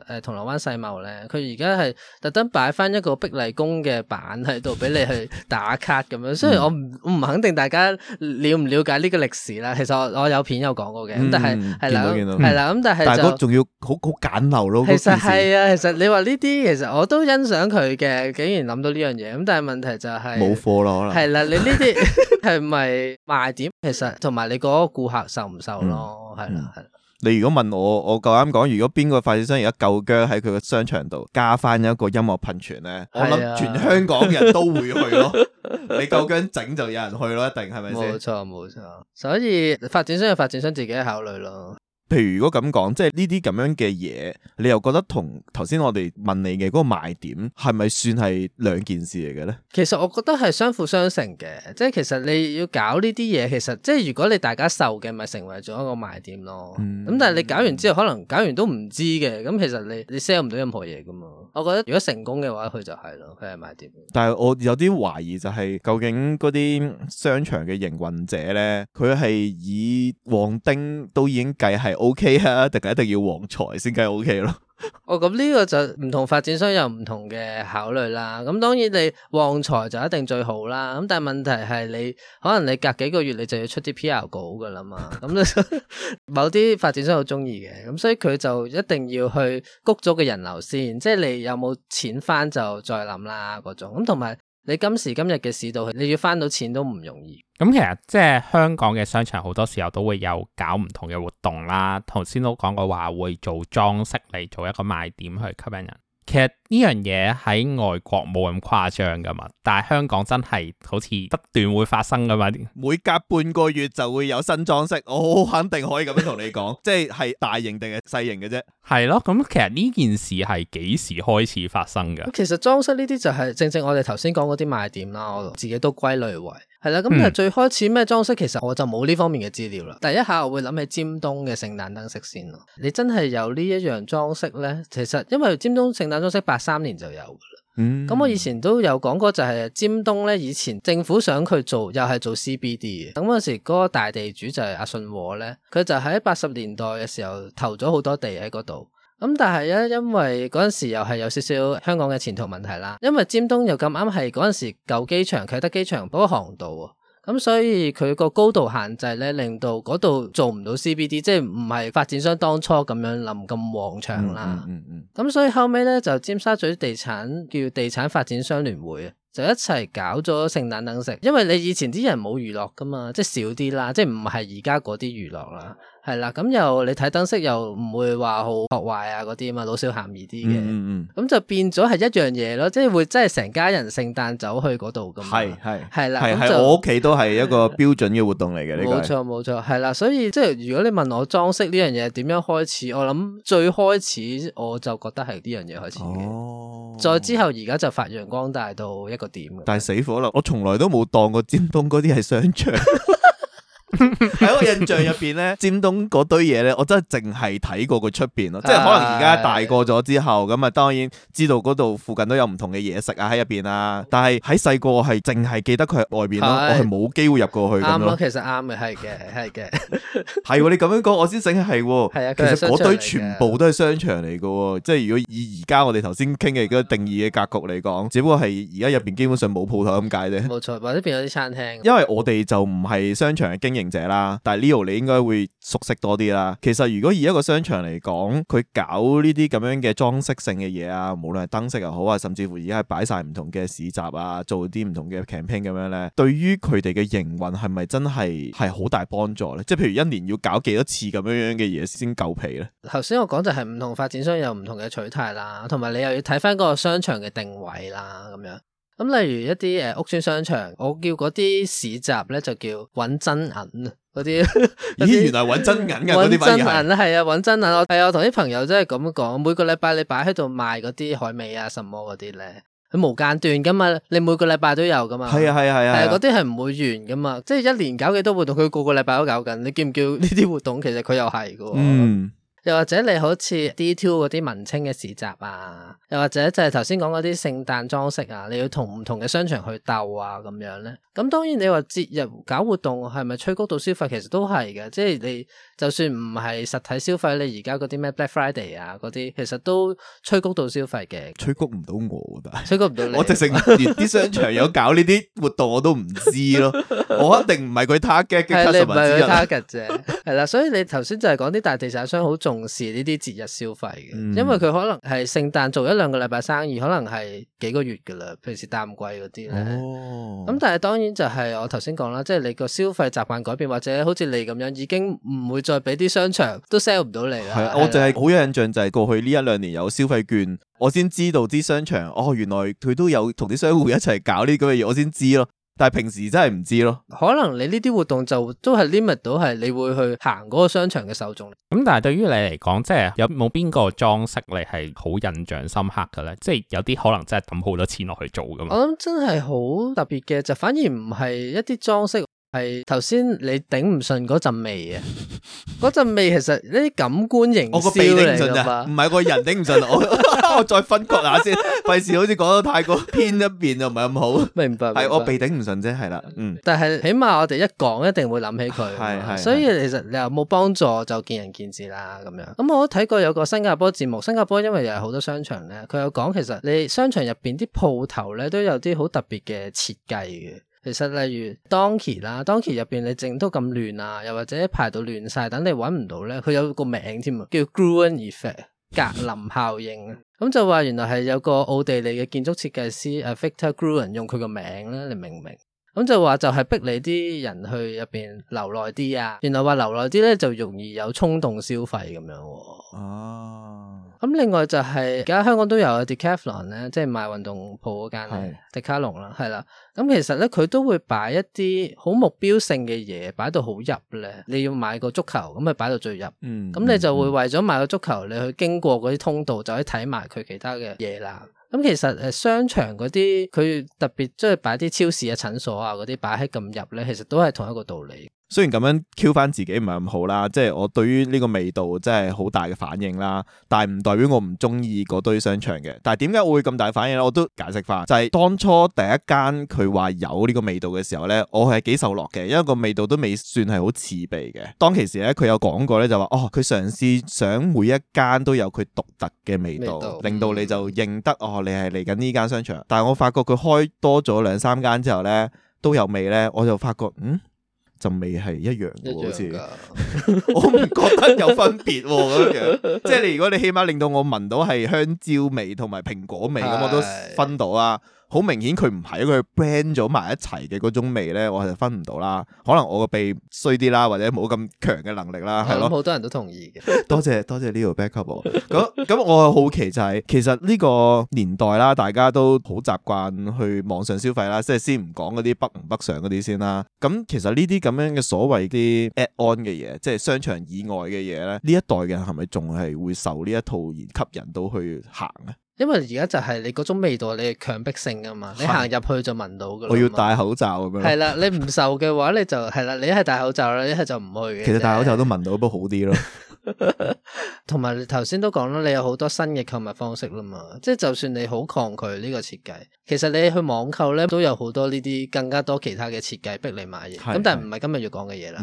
呃、銅鑼灣世貿咧，佢而家係特登擺翻一個碧麗宮嘅板喺度俾你去打卡咁樣。嗯、雖然我唔我唔肯定大家了唔了解呢個歷史啦，其實我，我有片有講過嘅，咁但係係啦係啦咁，但係、嗯、就仲要好好簡陋咯、啊。其實係啊，其實你話呢啲其實我都欣賞佢嘅，竟然諗到呢樣嘢。咁但係問題就係、是、冇貨咯，可能係啦。你呢啲係唔係賣點？其實同埋你嗰個顧客受唔受？咯，係啦、嗯，係你如果問我，我夠啱講，如果邊個發展商而家夠姜喺佢個商場度加翻一個音樂噴泉咧，啊、我諗全香港人都會去咯。 你夠姜整就有人去咯，一定係咪先？冇錯，冇錯。所以發展商有發展商自己嘅考慮咯。譬如如果咁講，即係呢啲咁樣嘅嘢，你又覺得同頭先我哋問你嘅嗰個賣點係咪算係兩件事嚟嘅咧？其實我覺得係相輔相成嘅，即係其實你要搞呢啲嘢，其實即係如果你大家受嘅，咪成為咗一個賣點咯。咁、嗯、但係你搞完之後，可能搞完都唔知嘅，咁其實你你 sell 唔到任何嘢㗎嘛。我覺得如果成功嘅話，佢就係咯，佢係賣點，但係我有啲懷疑就係、是，究竟嗰啲商場嘅營運者咧，佢係以旺丁都已經計係 O K 啊，定係一定要旺財先計 O K 咯？哦，咁、嗯、呢個就唔同發展商有唔同嘅考慮啦。咁、嗯、當然你旺財就一定最好啦。咁但係問題係你可能你隔幾個月你就要出啲 PR 稿噶啦嘛。咁、嗯， 某啲發展商好中意嘅，咁、嗯、所以佢就一定要去谷咗嘅人流先，即係你有冇錢翻就再諗啦嗰種。咁同埋你今時今日嘅市道，你要翻到錢都唔容易。咁其實即係香港嘅商場好多時候都會有搞唔同嘅活動啦，頭先都講過話會做裝飾嚟做一個賣點去吸引人。其實呢樣嘢喺外國冇咁誇張噶嘛，但係香港真係好似不斷會發生噶嘛。每隔半個月就會有新裝飾，我好肯定可以咁樣同你講， 即係係大型定係細型嘅啫。係咯，咁其實呢件事係幾時開始發生嘅？其實裝飾呢啲就係正正我哋頭先講嗰啲賣點啦，我自己都歸類為。係啦，咁其實最開始咩裝飾，其實我就冇呢方面嘅資料啦。第一下我會諗起尖東嘅聖誕燈飾先咯。你真係有呢一樣裝飾咧？其實因為尖東聖誕裝飾八三年就有噶啦。咁、嗯、我以前都有講過，就係尖東咧，以前政府想佢做，又係做 CBD。咁嗰陣時嗰個大地主就係阿信和咧，佢就喺八十年代嘅時候投咗好多地喺嗰度。咁但係咧，因為嗰陣時又係有少少香港嘅前途問題啦。因為尖東又咁啱係嗰陣時舊機場啟德機場嗰個航道，咁所以佢個高度限制咧，令到嗰度做唔到 CBD，即係唔係發展商當初咁樣諗咁旺場啦。咁、嗯嗯嗯嗯、所以後尾咧就尖沙咀地產叫地產發展商聯會啊，就一齊搞咗聖誕燈飾，因為你以前啲人冇娛樂噶嘛，即係少啲啦，即係唔係而家嗰啲娛樂啦。係啦，咁又你睇燈飾又唔會話好學壞啊嗰啲啊嘛，老少咸宜啲嘅，咁、嗯嗯嗯、就變咗係一樣嘢咯，即係會真係成家人聖誕走去嗰度嘅，係係係啦，咁我屋企都係一個標準嘅活動嚟嘅，呢冇錯冇錯，係啦，所以即係如果你問我裝飾呢樣嘢點樣開始，我諗最開始我就覺得係呢樣嘢開始嘅，哦、再之後而家就發揚光大到一個點，但係死火啦，我從來都冇當過尖東嗰啲係商場。 喺 我印象入邊咧，尖東嗰堆嘢咧，我真係淨係睇過佢出邊咯，即係可能而家大個咗之後，咁啊的當然知道嗰度附近都有唔同嘅嘢食啊喺入邊啦，但係喺細個我係淨係記得佢係外邊咯，我係冇機會入過去咁咯。 其實啱嘅，係嘅，係嘅，係你咁樣講，我先醒係，係其實嗰堆全部都係商場嚟噶，即係如果以而家我哋頭先傾嘅嗰個定義嘅格局嚟講，只不過係而家入邊基本上冇鋪頭咁解啫。冇錯，或者變咗啲餐廳， 因為我哋就唔係商場嘅經營。者啦，但係 Leo 你應該會熟悉多啲啦。其實如果以一個商場嚟講，佢搞呢啲咁樣嘅裝飾性嘅嘢啊，無論係燈飾又好啊，甚至乎而家係擺晒唔同嘅市集啊，做啲唔同嘅 campaign 咁樣咧，對於佢哋嘅營運係咪真係係好大幫助咧？即係譬如一年要搞幾多次咁樣樣嘅嘢先夠皮咧？頭先我講就係唔同發展商有唔同嘅取態啦，同埋你又要睇翻個商場嘅定位啦，咁樣。咁例如一啲誒屋村商場，我叫嗰啲市集咧，就叫搵真銀嗰啲，咦，原來搵真銀嘅。 搵真銀嗰啲，搵真銀係啊，搵真銀我係啊，我同啲朋友真係咁講。每個禮拜你擺喺度賣嗰啲海味啊，什麼嗰啲咧，佢無間斷噶嘛，你每個禮拜都有噶嘛，係啊係啊係啊，係嗰啲係唔會完噶嘛，即係一年搞幾多活動，佢個個禮拜都搞緊，你叫唔叫呢啲活動？其實佢又係噶。嗯又或者你好似 D two 啲文青嘅市集啊，又或者就係頭先講嗰啲聖誕裝飾啊，你要同唔同嘅商場去鬥啊咁樣咧。咁當然你話節日搞活動係咪吹谷度消費，其實都係嘅。即係你就算唔係實體消費，你而家嗰啲咩 Black Friday 啊嗰啲，其實都吹谷度消費嘅。吹谷唔到我，但係吹谷唔到你。我直情連啲商場有搞呢啲活動我都唔知咯。我一定唔係佢 target 嘅。係你唔係佢 target 啫。係啦，所以你頭先就係講啲大地產商好重。同時呢啲節日消費嘅，嗯、因為佢可能係聖誕做一兩個禮拜生意，可能係幾個月噶啦，平時淡季嗰啲咧。咁、哦、但係當然就係我頭先講啦，即係你個消費習慣改變，或者好似你咁樣，已經唔會再俾啲商場都 sell 唔到你啦。係啊，我就係好有印象就係過去呢一兩年有消費券，我先知道啲商場哦，原來佢都有同啲商戶一齊搞呢咁嘅嘢，我先知咯。但係平時真係唔知咯，可能你呢啲活動就都係 limit 到係你會去行嗰個商場嘅受眾、嗯。咁但係對於你嚟講，即係有冇邊個裝飾你係好印象深刻嘅咧？即係有啲可能真係抌好多錢落去做噶嘛我？我諗真係好特別嘅就反而唔係一啲裝飾。係頭先你頂唔順嗰陣味啊，嗰陣味其實呢啲感官營銷，我個鼻頂唔順噶，唔唔係個人頂唔順， 我再分割下先，費 事好似講得太過偏一邊就唔係咁好明。明白係我鼻頂唔順啫，係啦，嗯。但係起碼我哋一講一定會諗起佢， 所以其實你有冇幫助就見仁見智啦咁樣。咁我睇過有個新加坡節目，新加坡因為又係好多商場咧，佢有講其實你商場入邊啲鋪頭咧都有啲好特別嘅設計嘅。其實，例如 Donkey 啦，Donkey 入邊你整到咁亂啊，又或者排到亂晒，等你揾唔到咧，佢有個名添啊，叫 Gruen Effect 格林效應啊，咁就話原來係有個奧地利嘅建築設計師誒 Victor Gruen 用佢個名咧，你明唔明？咁就話就係逼你啲人去入邊留耐啲啊，然後話留耐啲咧就容易有衝動消費咁樣、啊。哦、啊，咁另外就係而家香港都有 Decathlon 咧，即係賣運動鋪嗰間是 Decathlon 啦，係啦。咁其實咧佢都會擺一啲好目標性嘅嘢擺到好入咧，你要買個足球咁啊，擺到最入。嗯，咁你就會為咗買個足球，你去經過嗰啲通道就可以睇埋佢其他嘅嘢啦。咁其實誒商場嗰啲，佢特別即係擺啲超市啊、診所啊嗰啲擺喺咁入咧，其實都係同一個道理。雖然咁樣 Q 翻自己唔係咁好啦，即係我對於呢個味道真係好大嘅反應啦，但係唔代表我唔中意嗰堆商場嘅。但係點解我會咁大反應咧？我都解釋翻，就係當初第一間佢話有呢個味道嘅時候咧，我係幾受落嘅，因為個味道都未算係好刺鼻嘅。當其時咧，佢有講過咧，就話哦，佢嘗試想每一間都有佢獨特嘅味道，味道令到你就認得哦，你係嚟緊呢間商場。但係我發覺佢開多咗兩三間之後咧，都有味咧，我就發覺嗯。陣味係一樣嘅好似， 我唔覺得有分別咁樣， 即係你如果你起碼令到我聞到係香蕉味同埋蘋果味咁，的我都分到啊。好明顯佢唔係，佢 blend 咗埋一齊嘅嗰種味咧，我就分唔到啦。可能我個鼻衰啲啦，或者冇咁強嘅能力啦，係咯、嗯。好了多人都同意嘅。 多謝多謝呢個 backup。咁咁， 我好奇就係、是、其實呢個年代啦，大家都好習慣去網上消費啦，即係先唔講嗰啲北唔北上嗰啲先啦。咁其實呢啲咁樣嘅所謂啲 add on 嘅嘢，即係商場以外嘅嘢咧，呢一代嘅人係咪仲係會受呢一套而吸引到去行咧？因為而家就係你嗰種味道，你強迫性噶嘛，是你行入去就聞到噶啦。我要戴口罩咁樣。係啦，你唔受嘅話你，你就係啦，你一係戴口罩啦，一係就唔去嘅。其實戴口罩都聞到，不好啲咯。同埋 你頭先都講啦，你有好多新嘅購物方式啦嘛，即係就算你好抗拒呢個設計，其實你去網購咧都有好多呢啲更加多其他嘅設計逼你買嘢，咁的但係唔係今日要講嘅嘢啦。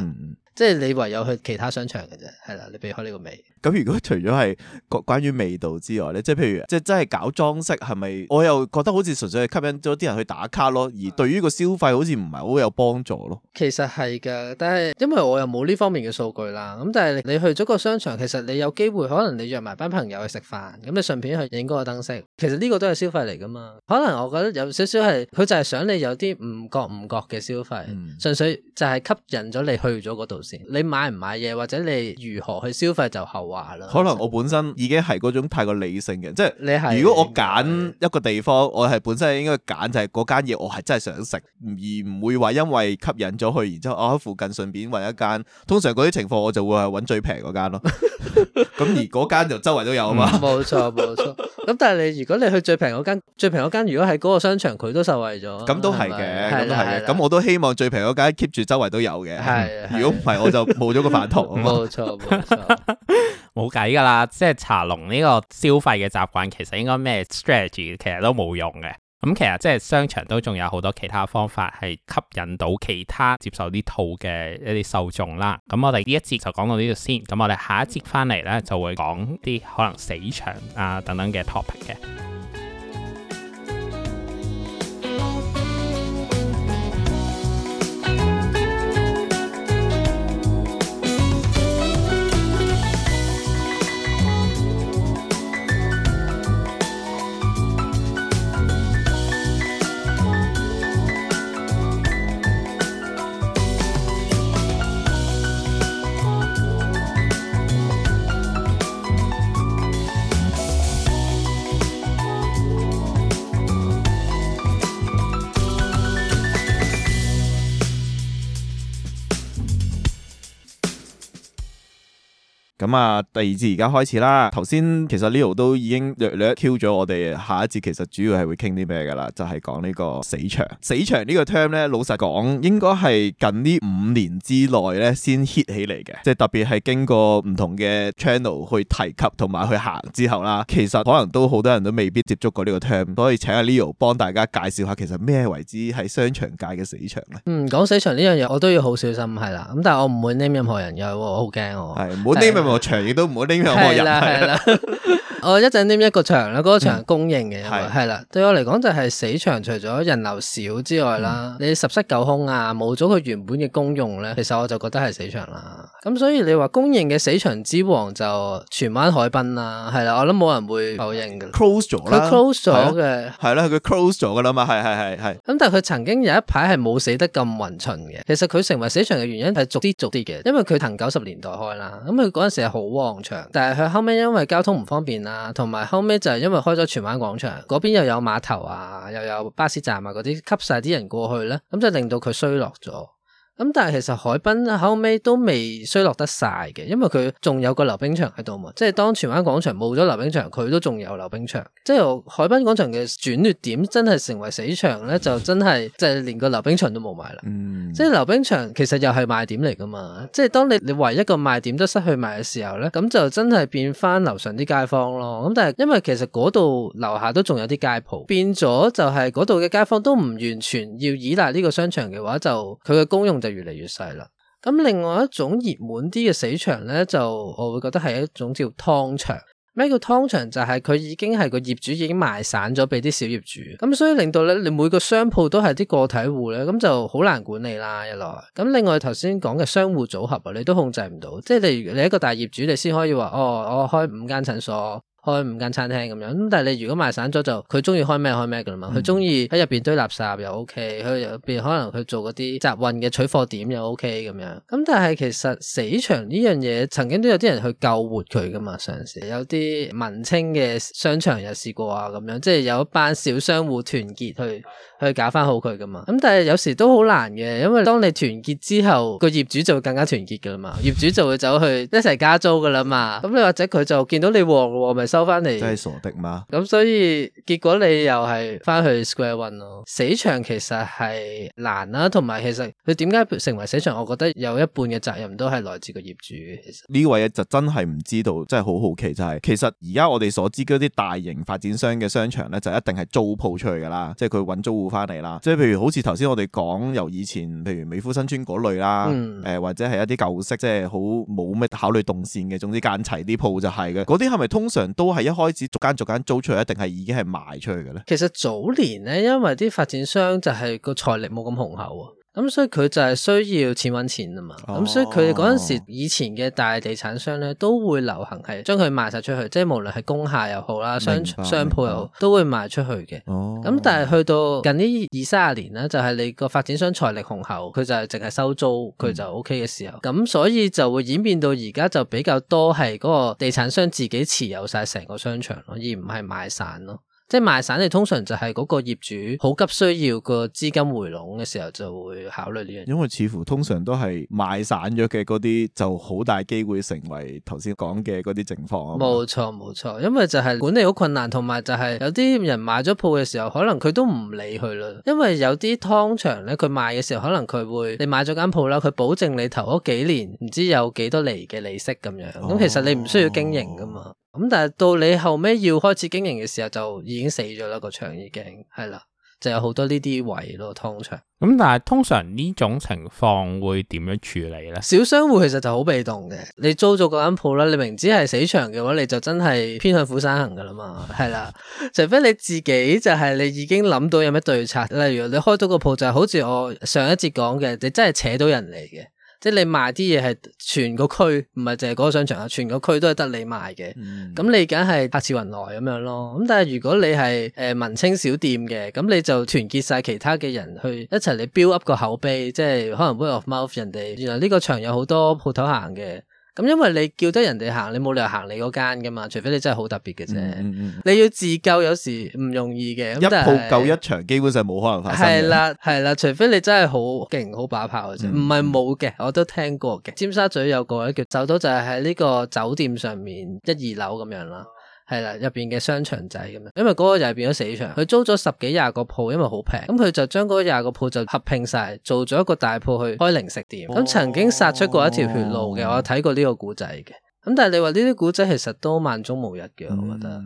即係、嗯、你唯有去其他商場嘅啫，係啦，你避開呢個味。咁如果除咗係關關於味道之外咧，即係譬如即係真係搞裝飾，係咪我又覺得好似純粹係吸引咗啲人去打卡咯？而對於個消費好似唔係好有幫助咯。其實係嘅，但係因為我又冇呢方面嘅數據啦。咁但係你去咗個商場，其實你有機會可能你約埋班朋友去食飯，咁你順便去影嗰個燈飾，其實呢個都係消費嚟㗎嘛。可能我覺得有少少係佢就係想你有啲唔覺唔覺嘅消費，嗯、純粹就係吸引咗你去咗嗰度先。你買唔買嘢，或者你如何去消費就後。可能我本身已經係嗰種太過理性嘅，即係如果我揀一個地方，我係本身係應該揀就係嗰間嘢，我係真係想食，而唔會話因為吸引咗去，然之後我喺附近順便揾一間。通常嗰啲情況，我就會係揾最平嗰間咯。咁而嗰間就周圍都有啊嘛。冇錯冇錯。咁但係你如果你去最平嗰間，最平嗰間如果喺嗰個商場，佢都受惠咗，咁都係嘅，咁都係嘅。咁我都希望最平嗰間 keep 住周圍都有嘅。係。如果唔係我就冇咗個飯堂。冇錯冇錯。冇計噶啦，即係茶龍呢個消費嘅習慣，其實應該咩 strategy，其實都冇用嘅。咁其實即係商場都仲有好多其他方法係吸引到其他接受啲套嘅一啲受眾啦。咁我哋呢一節就講到呢度先。咁我哋下一節翻嚟呢，就會講啲可能死場啊等等嘅 topic 嘅。咁啊，第二節而家開始啦。頭先其實 Leo 都已經略略 tell 咗我哋下一節其實主要係會傾啲咩㗎啦，就係講呢個死場。死場呢個 term 咧，老實講應該係近呢五年之內咧先 hit 起嚟嘅，即係特別係經過唔同嘅 channel 去提及同埋去行之後啦。其實可能都好多人都未必接觸過呢個 term，所以請阿、啊、Leo 幫大家介紹下其實咩為之喺商場界嘅死場咧。嗯，講死場呢樣嘢、嗯、我都要好小心係啦。咁但係我唔會 name 任何人㗎，好驚我係唔好 name 個場亦都唔好拎向我入去。 我一陣拈一個場啦，嗰場公認嘅，係啦，對我嚟講就係死場。除咗人流少之外啦，嗯、你十室九空啊，冇咗佢原本嘅功用咧，其實我就覺得係死場啦。咁所以你話公認嘅死場之王就荃灣海濱啦，係啦，我諗冇人會否認嘅。close 咗啦，佢 close 咗嘅，係啦，佢 close 咗噶啦嘛，係係係係。咁但係佢曾經有一排係冇死得咁勻循嘅。其實佢成為死場嘅原因係逐啲逐啲嘅，因為佢騰九十年代開啦，咁佢嗰陣時係好旺場，但係佢後尾因為交通唔方便啦。啊，同埋後尾就係因為開咗荃灣廣場，嗰邊又有碼頭啊，又有巴士站啊，嗰啲吸晒啲人過去咧，咁就令到佢衰落咗。咁但係其實海濱後尾都未衰落得晒嘅，因為佢仲有個溜冰場喺度嘛。即係當荃灣廣場冇咗溜冰場，佢都仲有溜冰場。即係海濱廣場嘅轉捩點，真係成為死場咧，就真係即係連個溜冰場都冇埋啦。嗯、即係溜冰場其實又係賣點嚟㗎嘛。即係當你你唯一,一個賣點都失去賣嘅時候咧，咁就真係變返樓上啲街坊咯。咁但係因為其實嗰度樓下都仲有啲街鋪，變咗就係嗰度嘅街坊都唔完全要依賴呢個商場嘅話，就佢嘅功用就越嚟越細啦，咁另外一種熱門啲嘅死場呢，就我會覺得係一種叫劏場。咩叫劏場？就係、是、佢已經係個業主已經賣散咗俾啲小業主，咁所以令到咧，你每個商鋪都係啲個體戶咧，咁就好難管理啦。一來，咁另外頭先講嘅商戶組合啊，你都控制唔到。即係例如你一個大業主，你先可以話哦，我開五間診所。開五間餐廳咁樣，咁但係你如果賣散咗，就佢中意開咩開咩噶啦嘛，佢中意喺入邊堆垃圾又 O K，佢入邊可能佢做嗰啲集運嘅取貨點又 O K 咁樣，咁但係其實死場呢樣嘢曾經都有啲人去救活佢噶嘛，上次有啲文青嘅商場又試過啊咁樣，即係有一班小商戶團結去去搞翻好佢噶嘛，咁但係有時都好難嘅，因為當你團結之後個業主就會更加團結噶啦嘛，業主就會走去一齊加租噶啦嘛，咁你或者佢就見到你旺咪。收翻嚟真係傻的嘛。咁所以結果你又係翻去 Square One 咯。死場其實係難啦，同埋其實佢點解成為死場？我覺得有一半嘅責任都係來自個業主。其實呢位就真係唔知道，真係好好奇就係、是、其實而家我哋所知嗰啲大型發展商嘅商場咧，就一定係租鋪出去㗎喇，即係佢揾租戶翻嚟啦。即係譬如好似頭先我哋講由以前譬如美孚新村嗰類啦，誒、嗯呃、或者係一啲舊式，即係好冇咩考慮動線嘅，總之間齊啲鋪就係、是、嘅。嗰啲係咪通常都？都係一開始逐間逐間租出去，定係已經係賣出去嘅咧？其實早年咧，因為啲發展商就係個財力冇咁雄厚。咁所以佢就係需要錢搵錢啊嘛，咁、哦、所以佢嗰陣時以前嘅大地產商咧都會流行係將佢賣晒出去，即係無論係工廈又好啦，商商鋪又好，都會賣出去嘅。咁、哦、但係去到近呢二三十年咧，就係、是，你個發展商財力雄厚，佢就係淨係收租，佢就 O K 嘅時候，咁、嗯、所以就會演變到而家就比較多係嗰個地產商自己持有晒成個商場咯，而唔係賣散咯。即係賣散，你通常就係嗰個業主好急需要個資金回籠嘅時候，就會考慮呢樣嘢。因為似乎通常都係賣散咗嘅嗰啲，就好大機會成為頭先講嘅嗰啲情況。冇錯冇錯，因為就係管理好困難，同埋就係有啲人買咗鋪嘅時候，可能佢都唔理佢啦。因為有啲湯場咧，佢賣嘅時候，可能佢會你買咗間鋪啦，佢保證你頭嗰幾年，唔知有幾多厘嘅利，利息咁樣。咁、哦、其實你唔需要經營噶嘛咁但係到你後尾要開始經營嘅時候就已經死咗啦，個場已經係啦，就有好多呢啲位咯，通常咁但係通常呢種情況會點樣處理呢？小商戶其實就好被動嘅，你租咗嗰間鋪啦，你明知係死場嘅話，你就真係偏向虎山行噶啦嘛，係啦，除非你自己就係你已經諗到有咩對策，例如你開到個鋪就係好似我上一節講嘅，你真係扯到人嚟嘅。即係你賣啲嘢係全個區，唔係淨係嗰個商場啊，全個區都係得你賣嘅。咁、嗯、你梗係客似雲來咁樣咯。咁但係如果你係誒文青小店嘅，咁你就團結晒其他嘅人去一齊你 build up 個口碑，即係可能 word of mouth 人哋原來呢個場有好多鋪頭行嘅。咁因為你叫得人哋行，你冇理由行你嗰間㗎嘛，除非你真係好特別嘅啫。嗯嗯、你要自救有時唔容易嘅。一鋪救一場，基本上冇可能發生。係啦係啦，嗯嗯、除非你真係好勁好把炮嘅啫。唔係冇嘅，我都聽過嘅。尖沙咀有個叫走刀，就係喺呢個酒店上面一二樓咁樣啦。係啦，入邊嘅商場仔咁樣，因為嗰個又係變咗死場，佢租咗十幾廿個鋪，因為好平，咁佢就將嗰廿個鋪就合拼晒，做咗一個大鋪去開零食店。咁曾經殺出過一條血路嘅，我有睇過呢個古仔嘅。咁但係你話呢啲古仔其實都萬中無一嘅，嗯、我覺得。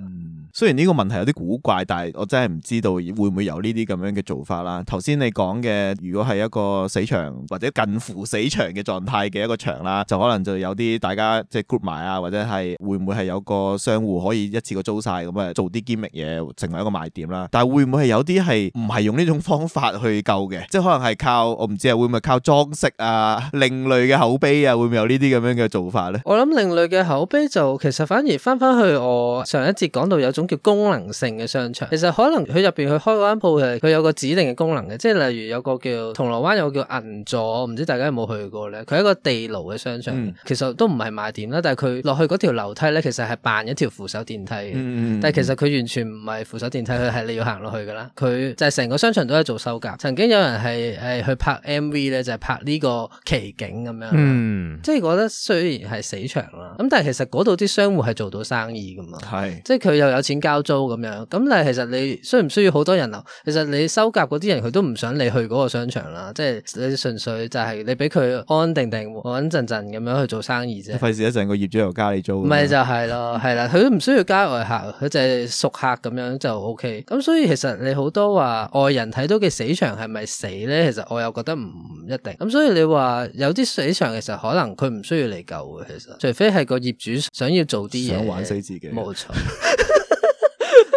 雖然呢個問題有啲古怪，但係我真係唔知道會唔會有呢啲咁樣嘅做法啦。頭先你講嘅，如果係一個死場或者近乎死場嘅狀態嘅一個場啦，就可能就有啲大家即係 group 埋啊，或者係會唔會係有個商戶可以一次過租晒咁啊，做啲 gimmick 嘢，成為一個賣點啦。但係會唔會係有啲係唔係用呢種方法去救嘅？即係可能係靠我唔知啊，會唔會係靠裝飾啊、另類嘅口碑啊，會唔會有呢啲咁樣嘅做法咧？我諗另類嘅口碑就其實反而返返去我上一節講到有種叫功能性嘅商場，其實可能佢入邊佢開嗰間鋪，佢有個指定嘅功能嘅，即係例如有個叫銅鑼灣，有個叫銀座，唔知大家有冇去過咧？佢係一個地牢嘅商場，嗯、其實都唔係賣點啦。但係佢落去嗰條樓梯咧，其實係扮一條扶手電梯嘅，但係其實佢完全唔係扶手電梯，佢係、嗯、你要行落去噶啦。佢就係成個商場都係做修甲。曾經有人係誒去拍 MV 咧，就係拍呢個奇景咁樣，嗯嗯、即係覺得雖然係死場啦。咁但係其實嗰度啲商戶係做到生意噶嘛，是即係佢又有錢交租咁樣。咁但係其實你需唔需要好多人流？其實你收夾嗰啲人佢都唔想你去嗰個商場啦，即係你純粹就係你俾佢安安定定穩陣陣咁樣去做生意啫。費事一陣個業主又加你租，唔係就係咯，係啦， 佢唔需要加外客，佢就係熟客咁樣就 OK。咁所以其實你好多話外人睇到嘅死場係咪死咧？其實我又覺得唔一定。咁所以你話有啲死場其實可能佢唔需要你救嘅，其實除非係。個業主想要做啲嘢，玩死自己，冇錯。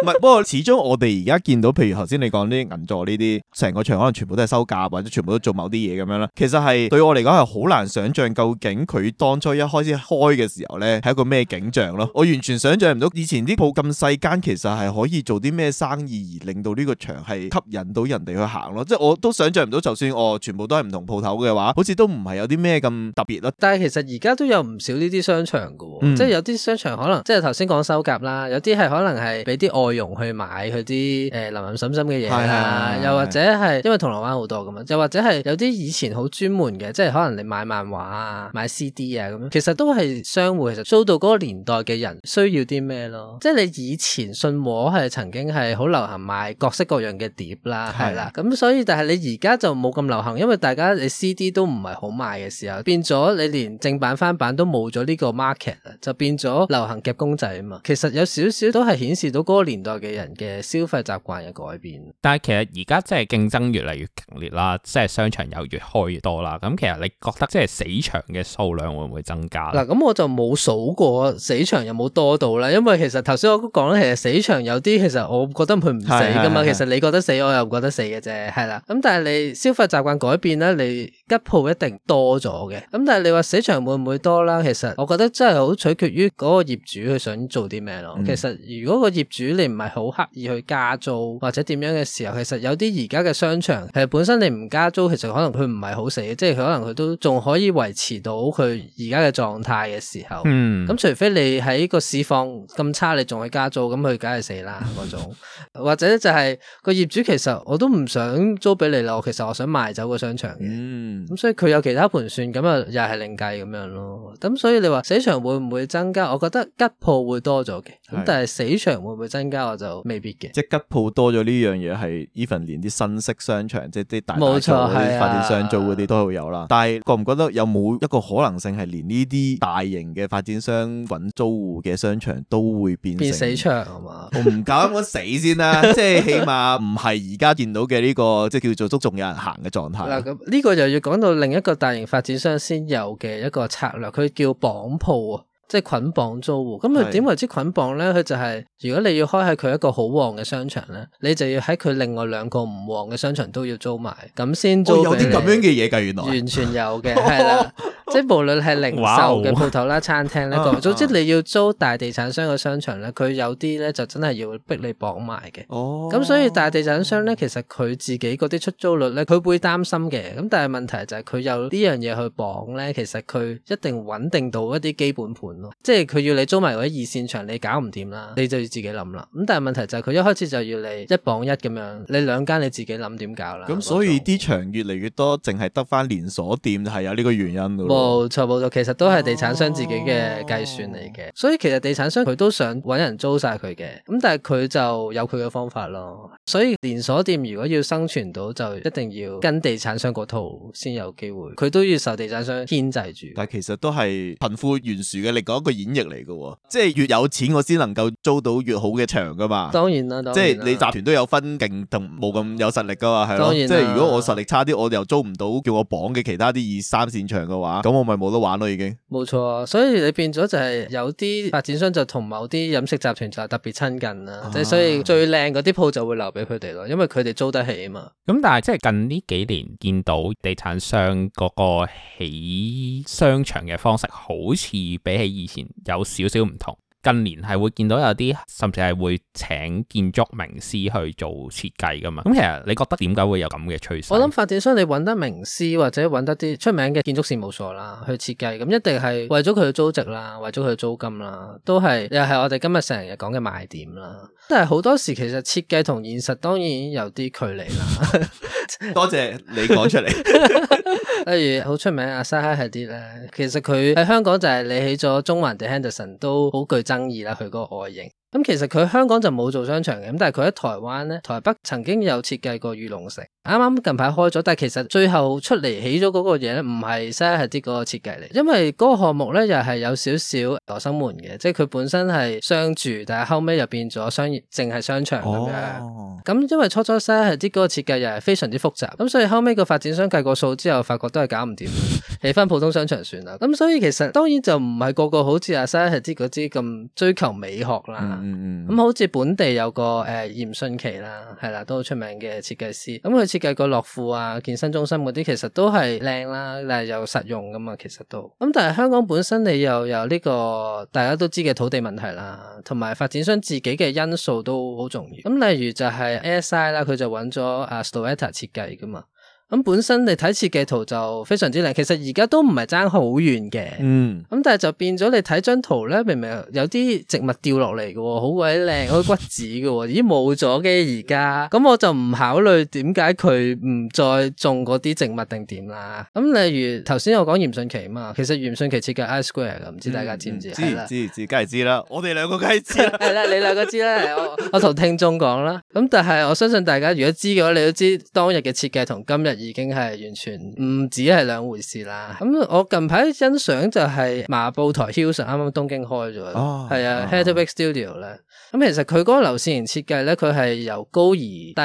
不，不過始終我哋而家見到，譬如頭先你講啲銀座呢啲，成個場可能全部都係收甲，或者全部都做某啲嘢咁樣啦。其實係對我嚟講係好難想像，究竟佢當初一開始開嘅時候呢係一個咩景象咯？我完全想像唔到，以前啲鋪咁細間，其實係可以做啲咩生意而令到呢個場係吸引到人哋去行咯。即係我都想像唔到，就算我全部都係唔同鋪頭嘅話，好似都唔係有啲咩咁特別咯。但係其實而家都有唔少呢啲商場嘅、哦，嗯、即係有啲商場可能即係頭先講收甲啦，有啲係可能係俾啲外。去用去買佢啲誒淋淋沈沈嘅嘢啦，是的是又或者係因為銅鑼灣好多㗎嘛，又或者係有啲以前好專門嘅，即係可能你買漫畫啊、買 CD 啊咁樣，其實都係商戶其實 show 到嗰個年代嘅人需要啲咩咯？即係你以前信和係曾經係好流行買各式各樣嘅碟啦，係啦的，咁所以但係你而家就冇咁流行，因為大家你 CD 都唔係好賣嘅時候，變咗你連正版翻版都冇咗呢個 market 就變咗流行夾公仔啊嘛。其實有少少都係顯示到嗰個年。年代嘅人嘅消費習慣嘅改變，但係其實而家即係競爭越嚟越激烈啦，即係商場又越開越多啦。咁其實你覺得即係死場嘅數量會唔會增加？嗱、啊，咁我就冇數過死場有冇多到啦，因為其實頭先我都講啦，其實死場有啲其實我覺得佢唔死噶嘛。啊啊、其實你覺得死，我又唔覺得死嘅啫，係啦、啊。咁、嗯、但係你消費習慣改變咧，你吉鋪一定多咗嘅。咁、嗯、但係你話死場會唔會多啦？其實我覺得真係好取決於嗰個業主佢想做啲咩咯。嗯、其實如果個業主你唔係好刻意去加租或者點樣嘅時候，其實有啲而家嘅商場，係本身你唔加租，其實可能佢唔係好死嘅，即係佢可能佢都仲可以維持到佢而家嘅狀態嘅時候。嗯，咁除非你喺個市況咁差，你仲去加租，咁佢梗係死啦嗰種。嗯、或者就係、是、個業主其實我都唔想租俾你咯，其實我想賣走個商場。嗯，咁所以佢有其他盤算，咁啊又係另計咁樣咯。咁所以你話死場會唔會增加？我覺得吉舖會多咗嘅。咁但係死場會唔會增加我就未必嘅，即係吉鋪多咗呢樣嘢係 even 連啲新式商場，即係啲大,冇錯,大發展商做嗰啲都會有啦。但係覺唔覺得有冇一個可能性係連呢啲大型嘅發展商揾租戶嘅商場都會變成變死場？唔敢講死先啦、 這個，即係起碼唔係而家見到嘅呢個即係叫做足仲有人行嘅狀態。嗱咁呢個就要講到另一個大型發展商先有嘅一個策略，佢叫綁鋪啊。即係捆綁租戶，咁佢點為之捆綁咧？佢就係、是、如果你要開喺佢一個好旺嘅商場咧，你就要喺佢另外兩個唔旺嘅商場都要租埋，咁先租、哦。有啲咁樣嘅嘢噶，原來完全有嘅，係啦，即係無論係零售嘅鋪頭啦、餐廳咧，總之 Wow. 你要租大地產商嘅商場咧，佢有啲咧就真係要逼你綁埋嘅。哦，咁所以大地產商咧，其實佢自己嗰啲出租率咧，佢會擔心嘅。咁但係問題就係佢有呢樣嘢去綁咧，其實佢一定穩定到一啲基本盤。即係佢要你租埋嗰啲二線場，你搞唔掂啦，你就要自己諗啦。咁但係問題就係佢一開始就要你一磅一咁樣，你兩間你自己諗點搞啦。咁、嗯嗯、所以啲場越嚟越多，淨係得翻連鎖店係有呢個原因嘅。冇錯冇錯，其實都係地產商自己嘅計算嚟嘅。哦、所以其實地產商佢都想搵人租晒佢嘅，咁但係佢就有佢嘅方法咯。所以連鎖店如果要生存到，就一定要跟地產商嗰套先有機會，佢都要受地產商牽制住。但係其實都係貧富懸殊嘅力量。一個演繹嚟嘅，即係越有錢我先能夠租到越好嘅場噶嘛。當然啦，當然。即係你集團都有分勁同冇咁有實力噶嘛，係咯，當然。即係如果我實力差啲，我又租唔到叫我綁嘅其他啲二三線場嘅話，咁我咪冇得玩咯，已經。冇錯，所以你變咗就係有啲發展商就同某啲飲食集團就特別親近啦，即係、啊、所以最靚嗰啲鋪就會留俾佢哋咯，因為佢哋租得起啊嘛。咁、嗯、但係即係近呢幾年見到地產商嗰個起商場嘅方式，好似比起。以前有少少唔同，近年係會見到有啲，甚至係會請建築名師去做設計噶嘛。咁其實你覺得點解會有咁嘅趨勢？我諗發展商你揾得名師或者揾得啲出名嘅建築事務所啦去設計，咁一定係為咗佢嘅租值啦，為咗佢嘅租金啦，都係又係我哋今日成日講嘅賣點啦。但係好多時其實設計同現實當然有啲距離啦。 多謝你講出嚟。 例如好出名阿沙克係啲咧，其實佢喺香港就係你起咗中環 The Henderson 都好具爭議啦，佢個外形。咁其實佢香港就冇做商場嘅，咁但係佢喺台灣咧，台北曾經有設計過御龍城，啱啱近排開咗，但係其實最後出嚟起咗嗰個嘢咧，唔係 Zaha Hadid 嗰個設計嚟，因為嗰個項目咧又係有少少羅生門嘅，即係佢本身係商住，但係後尾又變咗商業，淨係商場咁樣。咁因為初初 Zaha Hadid 嗰個設計又係非常之複雜，咁所以後尾個發展商計過數之後，發覺都係搞唔掂，起翻普通商場算啦。咁所以其實當然就唔係個個好似阿 Zaha Hadid 嗰啲咁追求美學啦。嗯嗯嗯，咁、嗯、好似本地有個誒嚴迅奇啦，係啦，都好出名嘅設計師。咁佢設計個樂富啊健身中心嗰啲，其實都係靚啦，但係又實用噶嘛，其實都。咁、嗯、但係香港本身你又有呢個大家都知嘅土地問題啦，同埋發展商自己嘅因素都好重要。咁、嗯、例如就係 A S I 啦，佢就揾咗阿、啊、Storata 設計噶嘛。咁本身你睇設計圖就非常之靚，其實而家都唔係爭好遠嘅。嗯，咁但係就變咗你睇張圖咧，明明有啲植物掉落嚟嘅喎，好鬼靚，好骨子嘅喎，咦冇咗嘅而家，咁我就唔考慮點解佢唔再種嗰啲植物定點啦。咁例如頭先我講嚴迅奇啊嘛，其實嚴迅奇設計 i square 嘅，唔知大家知唔知？知知知，梗係知啦，我哋兩個梗係知，係啦，你兩個知啦，我我同聽眾講啦。咁但係我相信大家如果知嘅話，你都知當日嘅設計同今日。已經係完全唔止係兩回事啦。咁我近排欣賞就係麻布台 Hills 啱啱東京開咗，哦，係啊，Heatherwick Studio 咧、嗯。咁其實佢嗰個流線型設計咧，佢係由高而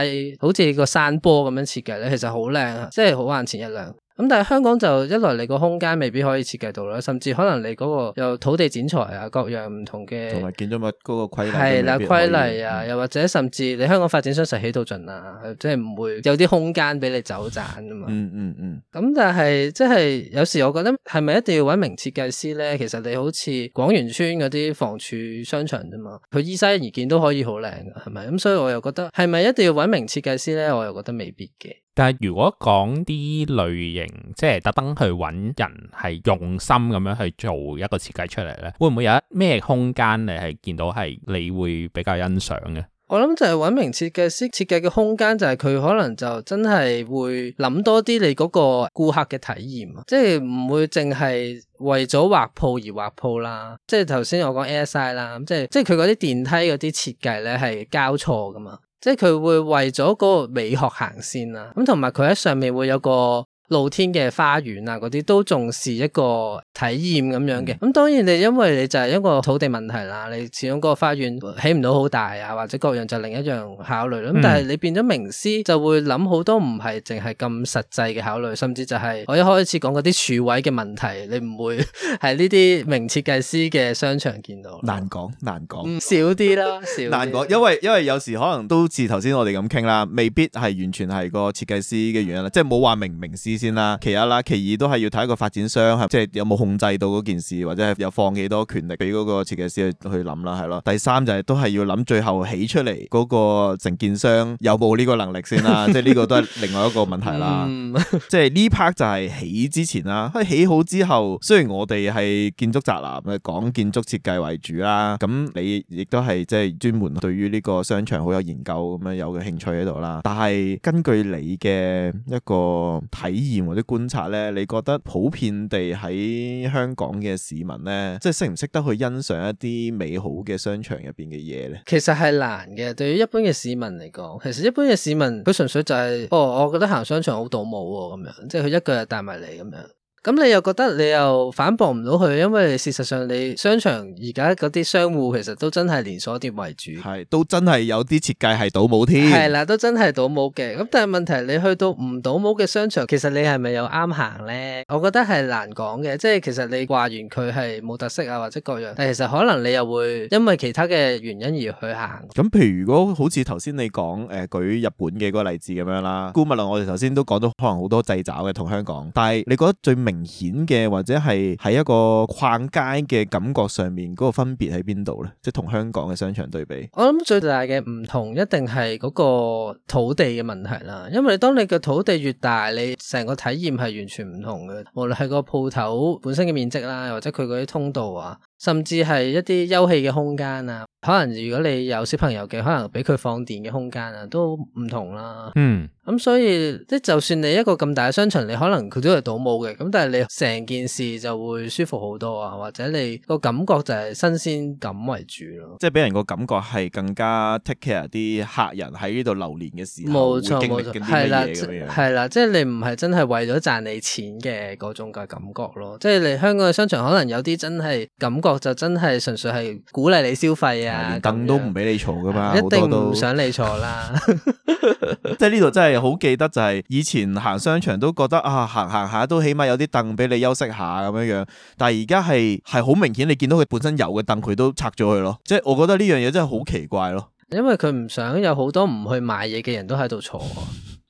低，好似個山坡咁樣設計咧，其實好靚啊，即係好眼前一亮。咁但係香港就一來你個空間未必可以設計到啦，甚至可能你嗰個有土地剪裁啊，各樣唔同嘅，同埋建築物嗰個規例，係啦規例啊，又或者甚至你香港發展商實起到盡啦，即係唔會有啲空間俾你走盞噶嘛。嗯嗯嗯。咁、嗯嗯、但係即係有時我覺得係咪一定要揾名設計師咧？其實你好似廣源邨嗰啲房署商場啫嘛，佢依西而建都可以好靚噶，係咪？咁所以我又覺得係咪一定要揾名設計師咧？我又覺得未必嘅。但係如果講啲類型，即係特登去搵人係用心咁樣去做一個設計出嚟咧，會唔會有一咩空間你係見到係你會比較欣賞嘅？我諗就係搵名設計師設計嘅空間，就係佢可能就真係會諗多啲你嗰個顧客嘅體驗，即係唔會淨係為咗畫鋪而畫鋪啦。即係頭先我講 A S I 啦，即係即係佢嗰啲電梯嗰啲設計咧係交錯㗎嘛。即係，佢會為咗嗰個美學行先啊，咁同埋佢喺上面會有個露天嘅花園啊，嗰啲都重視一個體驗咁樣嘅。咁、嗯、當然你因為你就係一個土地問題啦，你始終個花園起唔到好大啊，或者各樣就另一樣考慮。咁但係你變咗名師、嗯、就會諗好多唔係淨係咁實際嘅考慮，甚至就係我一開始講嗰啲柱位嘅問題，你唔會係呢啲名設計師嘅商場見到。難講，難講、嗯， 少啲啦說，少。難講，因為因為有時可能都似頭先我哋咁傾啦，未必係完全係個設計師嘅原因啦，即係冇話名唔名師。先啦，其一啦，其二都係要睇一個發展商係，即係有冇控制到嗰件事，或者係有放幾多權力俾嗰個設計師去去諗啦，係咯。第三就係都係要諗最後起出嚟嗰個承建商有冇呢個能力先啦， 即係呢個都係另外一個問題啦。 嗯，即係呢 part 就係起之前啦，起好之後，雖然我哋係建築宅男嘅，講建築設計為主啦，咁你亦都係即係專門對於呢個商場好有研究咁樣有嘅興趣喺度啦，但係根據你嘅一個睇。言或者觀察咧，你覺得普遍地喺香港嘅市民咧，即係識唔識得去欣賞一啲美好嘅商場入邊嘅嘢咧？其實係難嘅，對於一般嘅市民嚟講，其實一般嘅市民佢純粹就係、是，哦，我覺得行商場好倒冇喎，咁樣，即係佢一句就帶埋嚟咁樣。咁你又覺得你又反駁唔到佢，因為事實上你商場而家嗰啲商戶其實都真係連鎖店為主，係都真係有啲設計係倒模添，係啦，都真係倒模嘅。咁但係問題你去到唔倒模嘅商場，其實你係咪又啱行呢？我覺得係難講嘅，即係其實你話完佢係冇特色啊，或者各樣，但其實可能你又會因為其他嘅原因而去行。咁譬如如果好似頭先你講誒、呃、舉日本嘅嗰個例子咁樣啦，姑勿論我哋頭先都講到可能好多掣肘嘅同香港，但係你覺得最明明顯嘅或者係喺一個逛街嘅感覺上面嗰個分別喺邊度呢？即係同香港嘅商場對比，我諗最大嘅唔同一定係嗰個土地嘅問題啦。因為你當你嘅土地越大，你成個體驗係完全唔同嘅，無論係個鋪頭本身嘅面積啦，或者佢嗰啲通道啊。甚至係一啲休憩嘅空間啊，可能如果你有小朋友嘅，可能俾佢放電嘅空間啊，都唔同啦。嗯。咁、啊、所以即就算你一個咁大嘅商場，你可能佢都係倒冇嘅。咁但係你成件事就會舒服好多啊，或者你個感覺就係新鮮感為主咯。即係俾人個感覺係更加 take care 啲客人喺呢度留連嘅時候會經歷緊啲乜嘢。冇錯，冇錯，係啦，即係了你唔係真係為咗賺你錢嘅嗰種嘅感覺咯。 即係你香港嘅商場可能有啲真係感覺。我就真係純粹係鼓勵你消費啊，凳都唔俾你坐噶嘛，啊、都一定唔想你坐啦。 即係呢度真係好記得，就係以前行商場都覺得啊，行行下都起碼有啲凳俾你休息下咁樣樣。但係而家係係好明顯，你見到佢本身有嘅凳佢都拆咗佢咯。即係我覺得呢樣嘢真係好奇怪咯，因為佢唔想有好多唔去買嘢嘅人都喺度坐。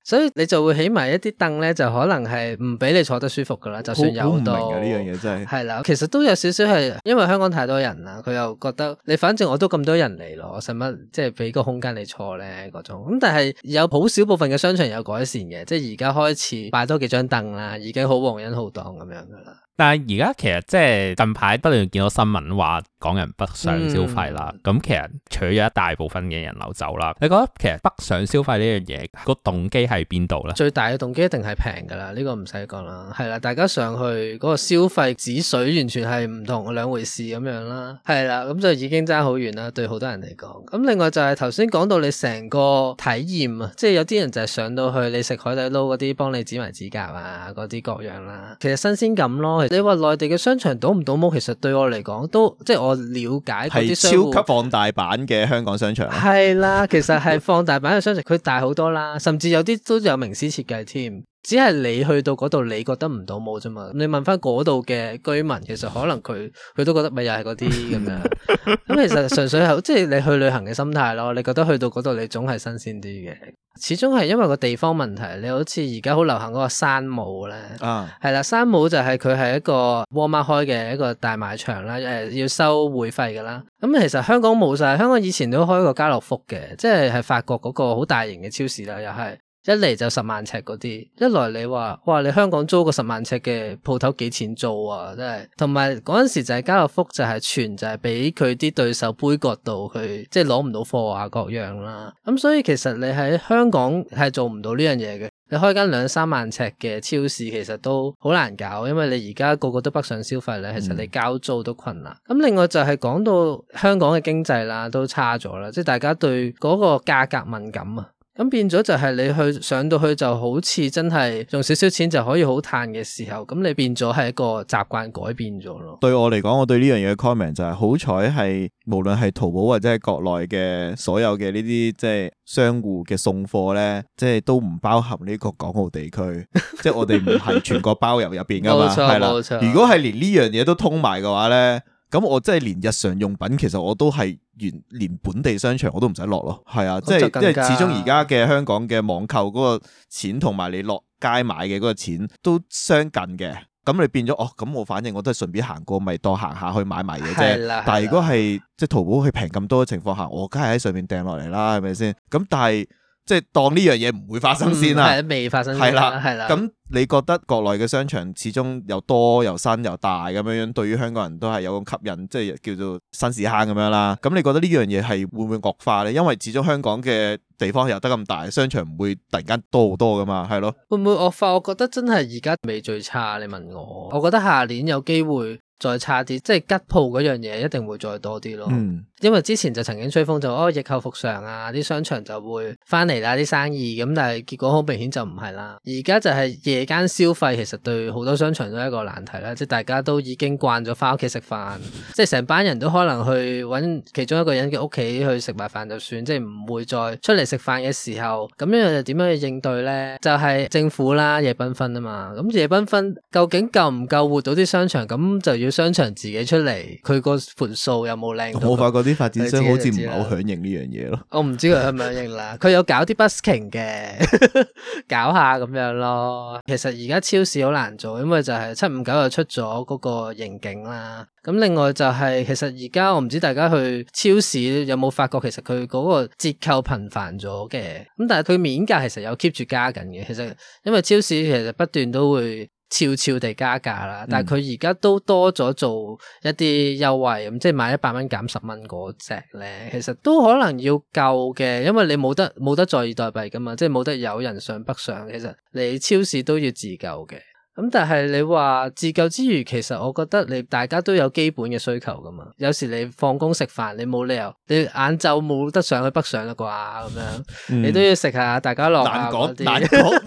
所以你就會起埋一啲凳咧，就可能係唔俾你坐得舒服噶啦。就算有好多，呢樣嘢，真係，係啦，其實都有少少係，因為香港太多人啦，佢又覺得你反正我都咁多人嚟咯，使乜即係俾個空間你坐咧嗰種。咁但係有好少部分嘅商場有改善嘅，即係而家開始擺多幾張凳啦，已經好皇恩浩蕩咁樣噶啦。但係而家其實即係近排不斷見到新聞話港人北上消費啦，咁、嗯、其實取咗一大部分嘅人流走啦。你覺得其實北上消費呢樣嘢個動機係邊度咧？最大嘅動機一定係平噶啦，呢個唔使講啦，係啦，大家上去嗰個消費止水完全係唔同兩回事咁樣啦，係啦，咁就已經差好遠啦，對好多人嚟講。咁另外就係頭先講到你成個體驗啊，即係有啲人就係上到去你食海底撈嗰啲幫你指埋指甲啊，嗰啲各樣啦，其實新鮮感咯。你話內地嘅商場倒唔倒模，其實對我嚟講都即係我了解嗰啲商。係超級放大版嘅香港商場。係啦，其實係放大版嘅商場，佢 大好多啦，甚至有啲都有名師設計添。只係你去到嗰度，你覺得唔到冇啫嘛？你問翻嗰度嘅居民，其實可能佢佢都覺得咪又係嗰啲咁樣。咁、嗯、其實純粹係即係你去旅行嘅心態咯。你覺得去到嗰度，你總係新鮮啲嘅。始終係因為個地方問題。你好似而家好流行嗰個山姆咧，係啦、啊，山姆就係佢係一個 Walmart 開嘅一個大賣場啦，誒要收會費㗎啦。咁、嗯、其實香港冇晒，香港以前都開過家樂福嘅，即係係法國嗰個好大型嘅超市啦，又係。一嚟就十萬尺嗰啲，一來你話哇，你香港租個十萬尺嘅鋪頭幾錢租啊？真係，同埋嗰陣時就係家樂福就係全就係俾佢啲對手杯葛到，去，即係攞唔到貨啊各樣啦。咁所以其實你喺香港係做唔到呢樣嘢嘅。你開間兩三萬尺嘅超市其實都好難搞，因為你而家個個都北上消費咧，其實你交租都困難。咁、嗯、另外就係講到香港嘅經濟啦，都差咗啦，即係大家對嗰個價格敏感啊。咁變咗就係你去上到去就好似真係用少少錢就可以好嘆嘅時候，咁你變咗係一個習慣改變咗咯。對我嚟講，我對呢樣嘢嘅 comment 就係、是、好彩係無論係淘寶或者係國內嘅所有嘅呢啲即係商戶嘅送貨咧，即係都唔包含呢個港澳地區， 即係我哋唔係全國包郵入邊噶嘛，係 錯啦。錯如果係連呢樣嘢都通埋嘅話咧。咁我即係連日常用品，其實我都係原連本地商場我都唔使落咯。係啊，即係即係始終而家嘅香港嘅網購嗰個錢同埋你落街買嘅嗰個錢都相近嘅。咁你變咗哦，咁我反正我都係順便行過，咪當行下去買埋嘢啫。啊啊、但係如果係即係淘寶佢平咁多嘅情況下，我梗係喺上面訂落嚟啦，係咪先？咁但係。即係當呢樣嘢唔會發生先啦、嗯，未發生，係啦，係啦。咁你覺得國內嘅商場始終又多又新又大咁樣樣，對於香港人都係有咁吸引，即係叫做新屎坑咁樣啦。咁你覺得呢樣嘢係會唔會惡化呢？因為始終香港嘅地方又得咁大，商場唔會突然間多好多㗎嘛，係咯。會唔會惡化？我覺得真係而家未最差。你問我，我覺得下年有機會再差啲，即係吉鋪嗰樣嘢一定會再多啲咯。嗯因為之前就曾經吹風就哦，疫後復常啊，啲商場就會翻嚟啦，啲生意咁，但係結果好明顯就唔係啦。而家就係夜間消費，其實對好多商場都係一個難題啦，即係大家都已經慣咗翻屋企食飯， 即係成班人都可能去搵其中一個人嘅屋企去食埋飯就算，即係唔會再出嚟食飯嘅時候咁樣又點樣去應對呢？就係、是、政府啦，夜繽紛啊嘛，咁、嗯、夜繽紛究竟夠唔夠活到啲商場？咁就要商場自己出嚟，佢個盤數有冇靚？我發覺發展商好似唔係好響應呢樣嘢咯，我唔知佢響唔響應啦。佢有搞啲 busking 嘅， 搞下咁樣咯。其實而家超市好難做，因為就係七五九又出咗嗰個刑警啦。咁另外就係，其實而家我唔知大家去超市有冇發覺，其實佢嗰個折扣頻繁咗嘅。咁但係佢面價其實有 keep 住加緊嘅。其實因為超市其實不斷都會。悄悄地加價啦，但係佢而家都多咗做一啲優惠，咁、嗯、即係買一百蚊減十蚊嗰隻咧，其實都可能要夠嘅，因為你冇得冇得在以代幣㗎嘛，即係冇得有人上北上，其實你超市都要自救嘅。咁但係你話自救之餘，其實我覺得你大家都有基本嘅需求噶嘛，有時你放工食飯，你冇理由你晏晝冇得上去北上啦啩咁樣，嗯、你都要食下。大家樂，難講，難講，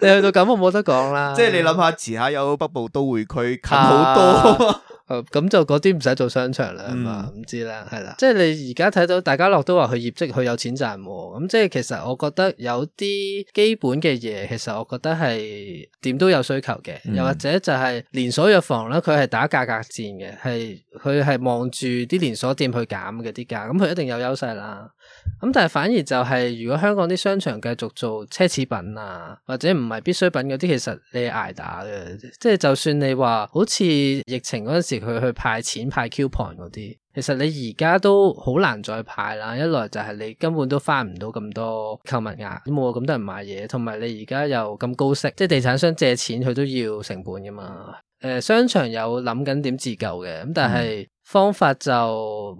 你去到咁我冇得講啦。 可可即係你諗下遲下有北部都會區近好多，啊。 咁、哦、就嗰啲唔使做商場啦，係嘛、嗯？唔知啦，係啦。即係你而家睇到大家樂都話佢業績佢有錢賺，咁即係其實我覺得有啲基本嘅嘢，其實我覺得係點都有需求嘅。嗯、又或者就係連鎖藥房咧，佢係打價格戰嘅，係佢係望住啲連鎖店去減嘅啲價，咁佢一定有優勢啦。咁但係反而就係、是，如果香港啲商場繼續做奢侈品啊或者唔係必需品嗰啲，其實你挨打嘅，即係就算你話好似疫情嗰陣時佢去派錢派 coupon 嗰啲，其實你而家都好難再派啦。一來就係你根本都返唔到咁多購物額，冇咁多人買嘢，同埋你而家又咁高息，即係地產商借錢佢都要成本噶嘛。誒、呃，商場有諗緊點自救嘅？咁但係。嗯方法就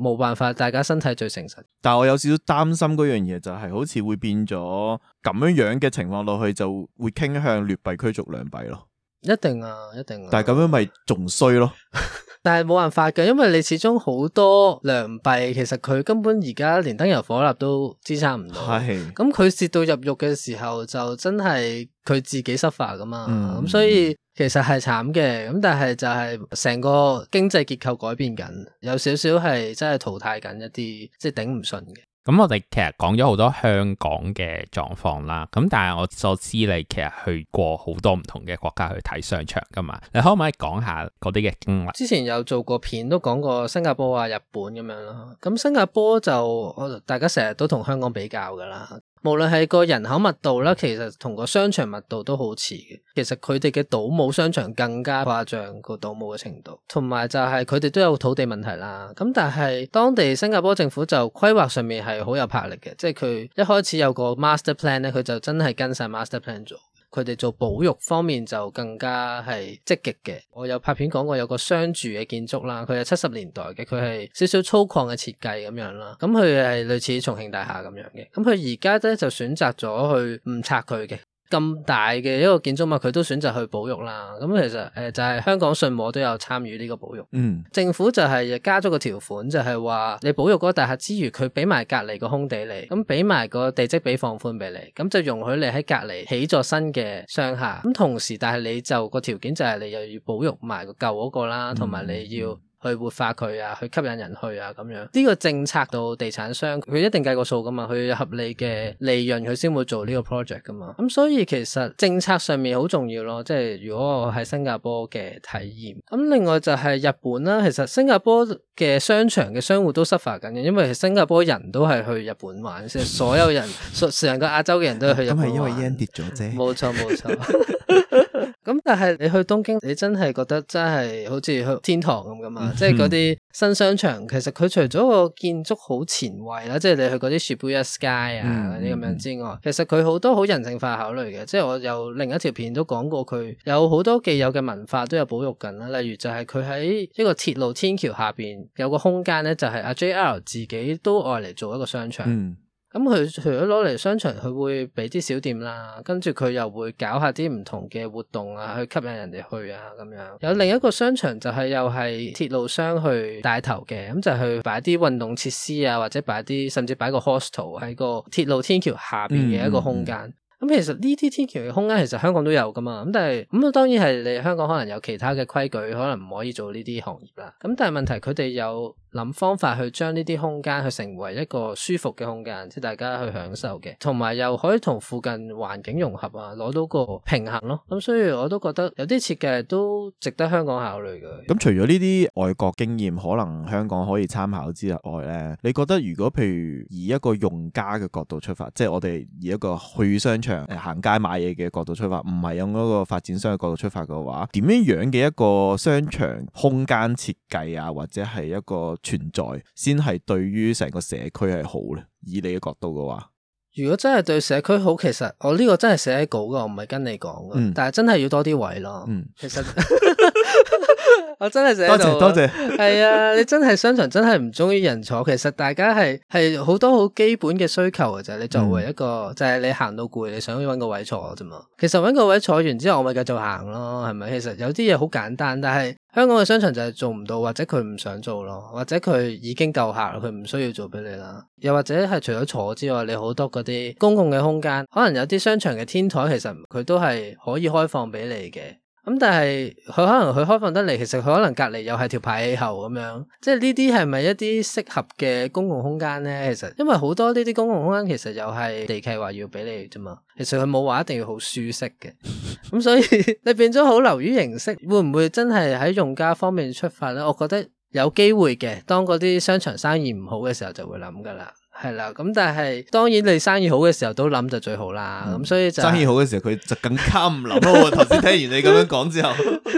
冇辦法，大家身體最誠實。但係我有少少擔心嗰樣嘢，就係好似會變咗咁樣樣嘅情況落去，就會傾向劣幣驅逐良幣咯。一定啊，一定啊。但係咁樣咪仲衰咯。 但係冇辦法嘅，因為你始終好多良幣，其實佢根本而家連燈油火蠟都支撐唔到。係的，咁佢蝕到入肉嘅時候，就真係佢自己失化噶嘛。咁、嗯、所以其實係慘嘅。咁但係就係成個經濟結構改變緊，有少少係真係淘汰緊一啲即係頂唔順嘅。咁我哋其實講咗好多香港嘅狀況啦，咁但係我所知你其實去過好多唔同嘅國家去睇商場噶嘛，你可唔可以講下嗰啲嘅？嗯，之前有做過片都講過新加坡啊、日本咁樣囉，咁新加坡就大家成日都同香港比較噶啦。無論係個人口密度啦，其實同個商場密度都好似嘅。其實佢哋嘅島冇商場更加誇張個島冇嘅程度，同埋就係佢哋都有土地問題啦。咁但係當地新加坡政府就規劃上面係好有魄力嘅，即係佢一開始有個 master plan 咧，佢就真係跟晒 master plan 做。佢哋做保育方面就更加係積極嘅。我有拍片講過，有個商住嘅建築啦，佢係七十年代嘅，佢係少少粗獷嘅設計咁樣啦。咁佢係類似重慶大廈咁樣嘅。咁佢而家咧就選擇咗去唔拆佢嘅。咁大嘅一個建築物，佢都選擇去保育啦。咁其實誒、呃，就係、是、香港信和都有參與呢個保育。嗯，政府就係加咗個條款，就係、是、話你保育嗰個大廈之餘，佢俾埋隔籬個空地你，咁俾埋個地積比放寬俾你，咁就容許你喺隔籬起咗新嘅商廈。咁同時，但係你就個條件就係你又要保育埋個舊嗰個啦，同埋你要、嗯。嗯去活化佢啊，去吸引人去啊，咁樣呢、這個政策到地產商，佢一定計個數噶嘛，佢有合理嘅利潤佢先會做呢個 project 噶嘛。咁所以其實政策上面好重要咯，即係如果我喺新加坡嘅體驗。咁另外就係日本啦，其實新加坡嘅商場嘅商戶都失發緊嘅，因為新加坡人都係去日本玩，即係 所有人，成個亞洲嘅人都係去日本玩，咁係 因為 yen 跌咗啫。冇 錯，冇錯。 咁但係你去東京，你真係覺得真係好似去天堂咁噶嘛？嗯、即係嗰啲新商場，其實佢除咗個建築好前衛啦，即係你去嗰啲 Shibuya Sky 啊嗰啲咁樣之外，嗯、其實佢好多好人性化考慮嘅。即係我有另一條片都講過，佢有好多既有嘅文化都有保育緊啦。例如就係佢喺一個鐵路天橋下邊有個空間咧，就係阿 JR 自己都愛嚟做一個商場。嗯咁佢除咗攞嚟商場，佢會俾啲小店啦，跟住佢又會搞下啲唔同嘅活動啊，去吸引人哋去啊咁樣。有另一個商場就係又係鐵路商去帶頭嘅，咁就去擺啲運動設施啊，或者擺啲甚至擺個 hostel 喺個鐵路天橋下邊嘅一個空間。咁、嗯嗯、其實呢啲天橋嘅空間其實香港都有㗎嘛。咁但係咁當然係你香港可能有其他嘅規矩，可能唔可以做呢啲行業啦。咁但係問題佢哋有，諗方法去將呢啲空間去成為一個舒服嘅空間，即係大家去享受嘅，同埋又可以同附近環境融合啊，攞到個平衡咯。咁所以我都覺得有啲設計都值得香港考慮嘅。咁、嗯、除咗呢啲外國經驗可能香港可以參考之外咧，你覺得如果譬如以一個用家嘅角度出發，即係我哋以一個去商場行街買嘢嘅角度出發，唔係用一個發展商嘅角度出發嘅話，點樣樣嘅一個商場空間設計啊，或者係一個？存在先係對於成個社區係好咧？以你嘅角度嘅話，如果真係對社區好，其實我呢個真係寫稿噶，我唔係跟你講噶，嗯、但係真係要多啲位咯。嗯，其實。 我真係成日多謝多謝，係 啊！你真係商場真係唔中意人坐，其實大家係係好多好基本嘅需求嘅就啫。你作為一個、嗯、就係你行到攰，你想揾個位坐啫嘛。其實揾個位坐完之後，我咪繼續行咯，係咪？其實有啲嘢好簡單，但係香港嘅商場就係做唔到，或者佢唔想做咯，或者佢已經夠客，佢唔需要做俾你啦。又或者係除咗坐之外，你好多嗰啲公共嘅空間，可能有啲商場嘅天台，其實佢都係可以開放俾你嘅。咁但係佢可能佢開放得嚟，其實佢可能隔籬又係條排氣喉咁樣，即係呢啲係咪一啲適合嘅公共空間咧？其實因為好多呢啲公共空間其實又係地契話要俾你啫嘛，其實佢冇話一定要好舒適嘅，咁、 嗯、所以 你變咗好流於形式。會唔會真係喺用家方面出發咧？我覺得有機會嘅，當嗰啲商場生意唔好嘅時候就會諗噶啦。係啦，咁但係當然你生意好嘅時候都諗就最好啦，咁、嗯、所以就生意好嘅時候佢就更加唔諗啦。我頭先聽完你咁樣講之後，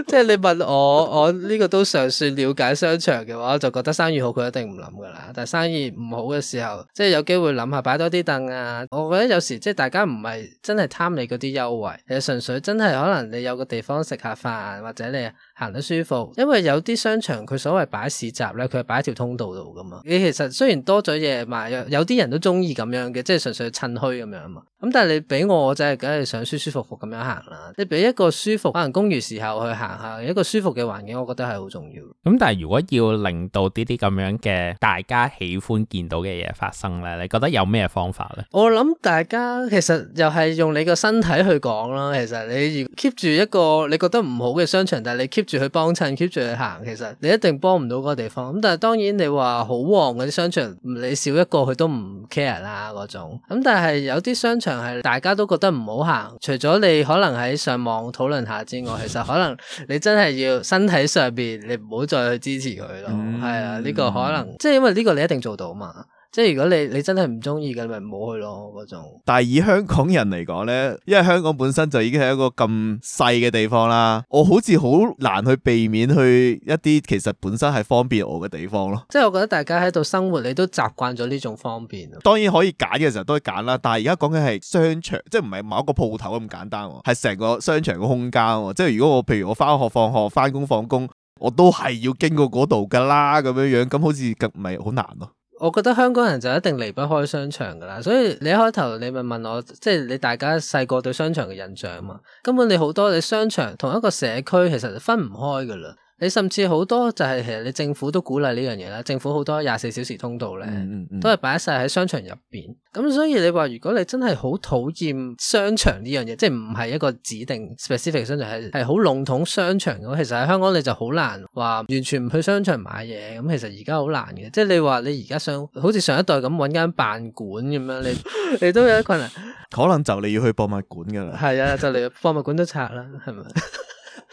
即係 你問我，我呢個都尚算了解商場嘅話，我就覺得生意好佢一定唔諗噶啦。但係生意唔好嘅時候，即係有機會諗下擺多啲凳啊。我覺得有時即係大家唔係真係貪你嗰啲優惠，其實純粹真係可能你有個地方食下飯或者你。行得舒服，因為有啲商場佢所謂擺市集咧，佢係擺一條通道度噶嘛。你其實雖然多咗嘢賣，有啲人都中意咁樣嘅，即係純粹趁墟咁樣嘛。咁、嗯、但係你俾我，我就係梗係想舒舒服服咁樣行啦、啊。你俾一個舒服，可能工餘時候去行下，一個舒服嘅環境，我覺得係好重要。咁但係如果要令到呢啲咁樣嘅大家喜歡見到嘅嘢發生咧，你覺得有咩方法咧？我諗大家其實又係用你個身體去講啦。其實你 keep 住一個你覺得唔好嘅商場，但係你 keep 住去幫襯 keep 住去行，其實你一定幫唔到嗰地方。咁但係當然你話好旺嗰啲商場，你少一個佢都唔 care 啦嗰種。咁但係有啲商場係大家都覺得唔好行，除咗你可能喺上網討論下之外，其實可能你真係要身體上邊你唔好再去支持佢咯。係、嗯、啊，呢、呢個可能、嗯、即係因為呢個你一定做到嘛。即係如果你你真係唔中意嘅，咪唔好去咯嗰種。但係以香港人嚟講呢，因為香港本身就已經係一個咁細嘅地方啦，我好似好難去避免去一啲其實本身係方便我嘅地方咯。即係我覺得大家喺度生活，你都習慣咗呢種方便。當然可以揀嘅時候都揀啦，但係而家講嘅係商場，即係唔係某一個鋪頭咁簡單，係成個商場個空間。即係如果我譬如我翻學、放學、翻工、放工，我都係要經過嗰度噶啦咁樣樣，咁好似咪好難咯。我覺得香港人就一定離不開商場㗎啦，所以你一開頭你咪問我，即係你大家細個對商場嘅印象嘛，根本你好多你商場同一個社區其實分唔開㗎啦。你甚至好多就係其實你政府都鼓勵呢樣嘢啦，政府好多廿四小時通道咧，嗯嗯、都係擺晒喺商場入邊。咁所以你話如果你真係好討厭商場呢樣嘢，即係唔係一個指定 specific 商場，係係好籠統商場嘅話，其實喺香港你就好難話完全唔去商場買嘢。咁其實而家好難嘅，即係你話你而家想好似上一代咁揾間辦館咁樣，你 你都有啲困難。可能就你要去博物館㗎啦。係啊，就嚟博物館都拆啦，係咪？ 誒、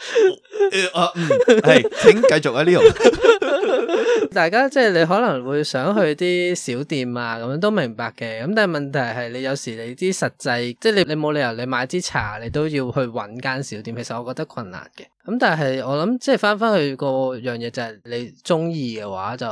哎、啊，係、嗯哎，請繼續啊呢度。 大家即係你可能會想去啲小店啊，咁都明白嘅。咁但係問題係，你有時你啲實際，即係你你冇理由你買支茶，你都要去揾間小店。其實我覺得困難嘅。咁、嗯、但係我諗即係翻翻去個樣嘢，就係、是、你中意嘅話就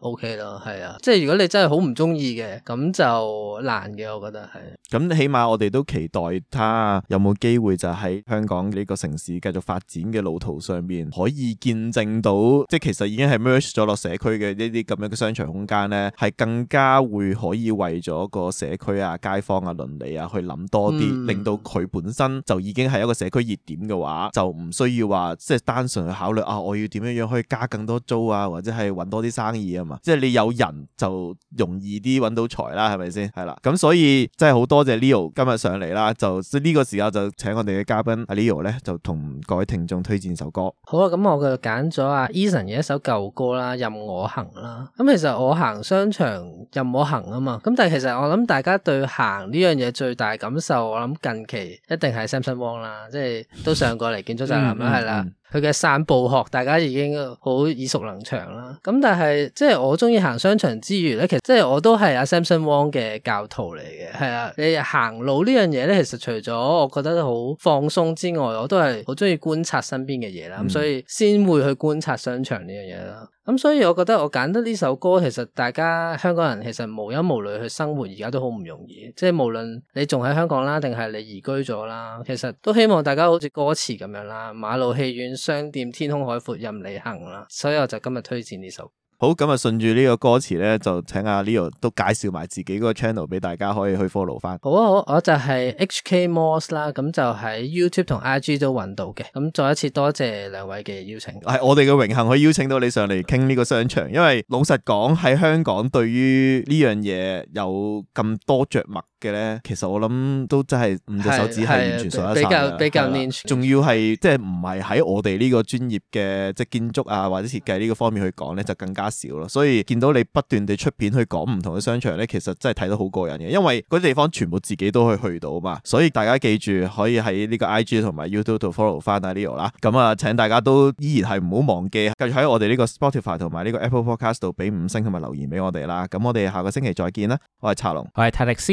O K 咯，係啊，即係如果你真係好唔中意嘅，咁就難嘅，我覺得係。咁起碼我哋都期待他有冇機會就喺香港呢個城市繼續發展嘅路途上面可以見證到即係其實已經係 merge 咗落社區嘅呢啲咁樣嘅商場空間咧，係更加會可以為咗個社區啊、街坊啊、鄰里啊去諗多啲，嗯、令到佢本身就已經係一個社區熱點嘅話，就唔需要。話即係單純去考慮啊，我要點樣樣可以加更多租啊，或者係搵多啲生意啊嘛。即係你有人就容易啲搵到財啦，係咪先？係啦，咁所以真係好多謝 Leo 今日上嚟啦，就呢個時候，就請我哋嘅嘉賓阿 Leo 咧，就同各位聽眾推薦首歌。好啦，咁我就揀咗阿 Eason 嘅一首舊歌啦，《任我行》啦。咁其實我行商場任我行啊嘛。咁但係其實我諗大家對行呢樣嘢最大感受，我諗近期一定係 Samson Wong 啦， 即係都上過嚟建築宅男啦。 係啦，佢嘅、嗯、散步學大家已經好耳熟能詳啦。咁但係即係我中意行商場之餘咧，其實即係我都係阿 Samson Wong 嘅教徒嚟嘅。係啊，你行路呢樣嘢咧，其實除咗我覺得好放鬆之外，我都係好中意觀察身邊嘅嘢啦。咁、嗯、所以先會去觀察商場呢樣嘢啦。咁、嗯、所以，我覺得我揀得呢首歌，其實大家香港人其實無憂無慮去生活，而家都好唔容易。即係無論你仲喺香港啦，定係你移居咗啦，其實都希望大家好似歌詞咁樣啦，馬路戲院商店天空海闊任你行啦。所以我就今日推薦呢首。好咁啊，順住呢個歌詞咧，就請阿、啊、Leo 都介紹埋自己個 channel 俾大家可以去 follow 翻。好啊，我我就係 hkmalls 啦，咁就喺 YouTube 同 IG 都揾到嘅。咁再一次多謝兩位嘅邀請。係我哋嘅榮幸可以邀請到你上嚟傾呢個商場，因為老實講喺香港對於呢樣嘢有咁多着墨。嘅咧，其實我諗都真係五隻手指係的完全上一曬嘅。比較的比較仲要係即係唔係喺我哋呢個專業嘅即係建築啊或者設計呢個方面去講咧，就更加少咯。所以見到你不斷地出片去講唔同嘅商場咧，其實真係睇得好過癮嘅。因為嗰啲地方全部自己都可以去到嘛，所以大家記住可以喺呢個 IG 同埋 YouTube 度 follow 翻阿、啊、Leo 啦。咁啊，請大家都依然係唔好忘記，繼續喺我哋呢個 Spotify 同埋呢個 Apple Podcast 度俾五星同埋留言俾我哋啦。咁我哋下個星期再見啦。我係查龍，我係泰力斯。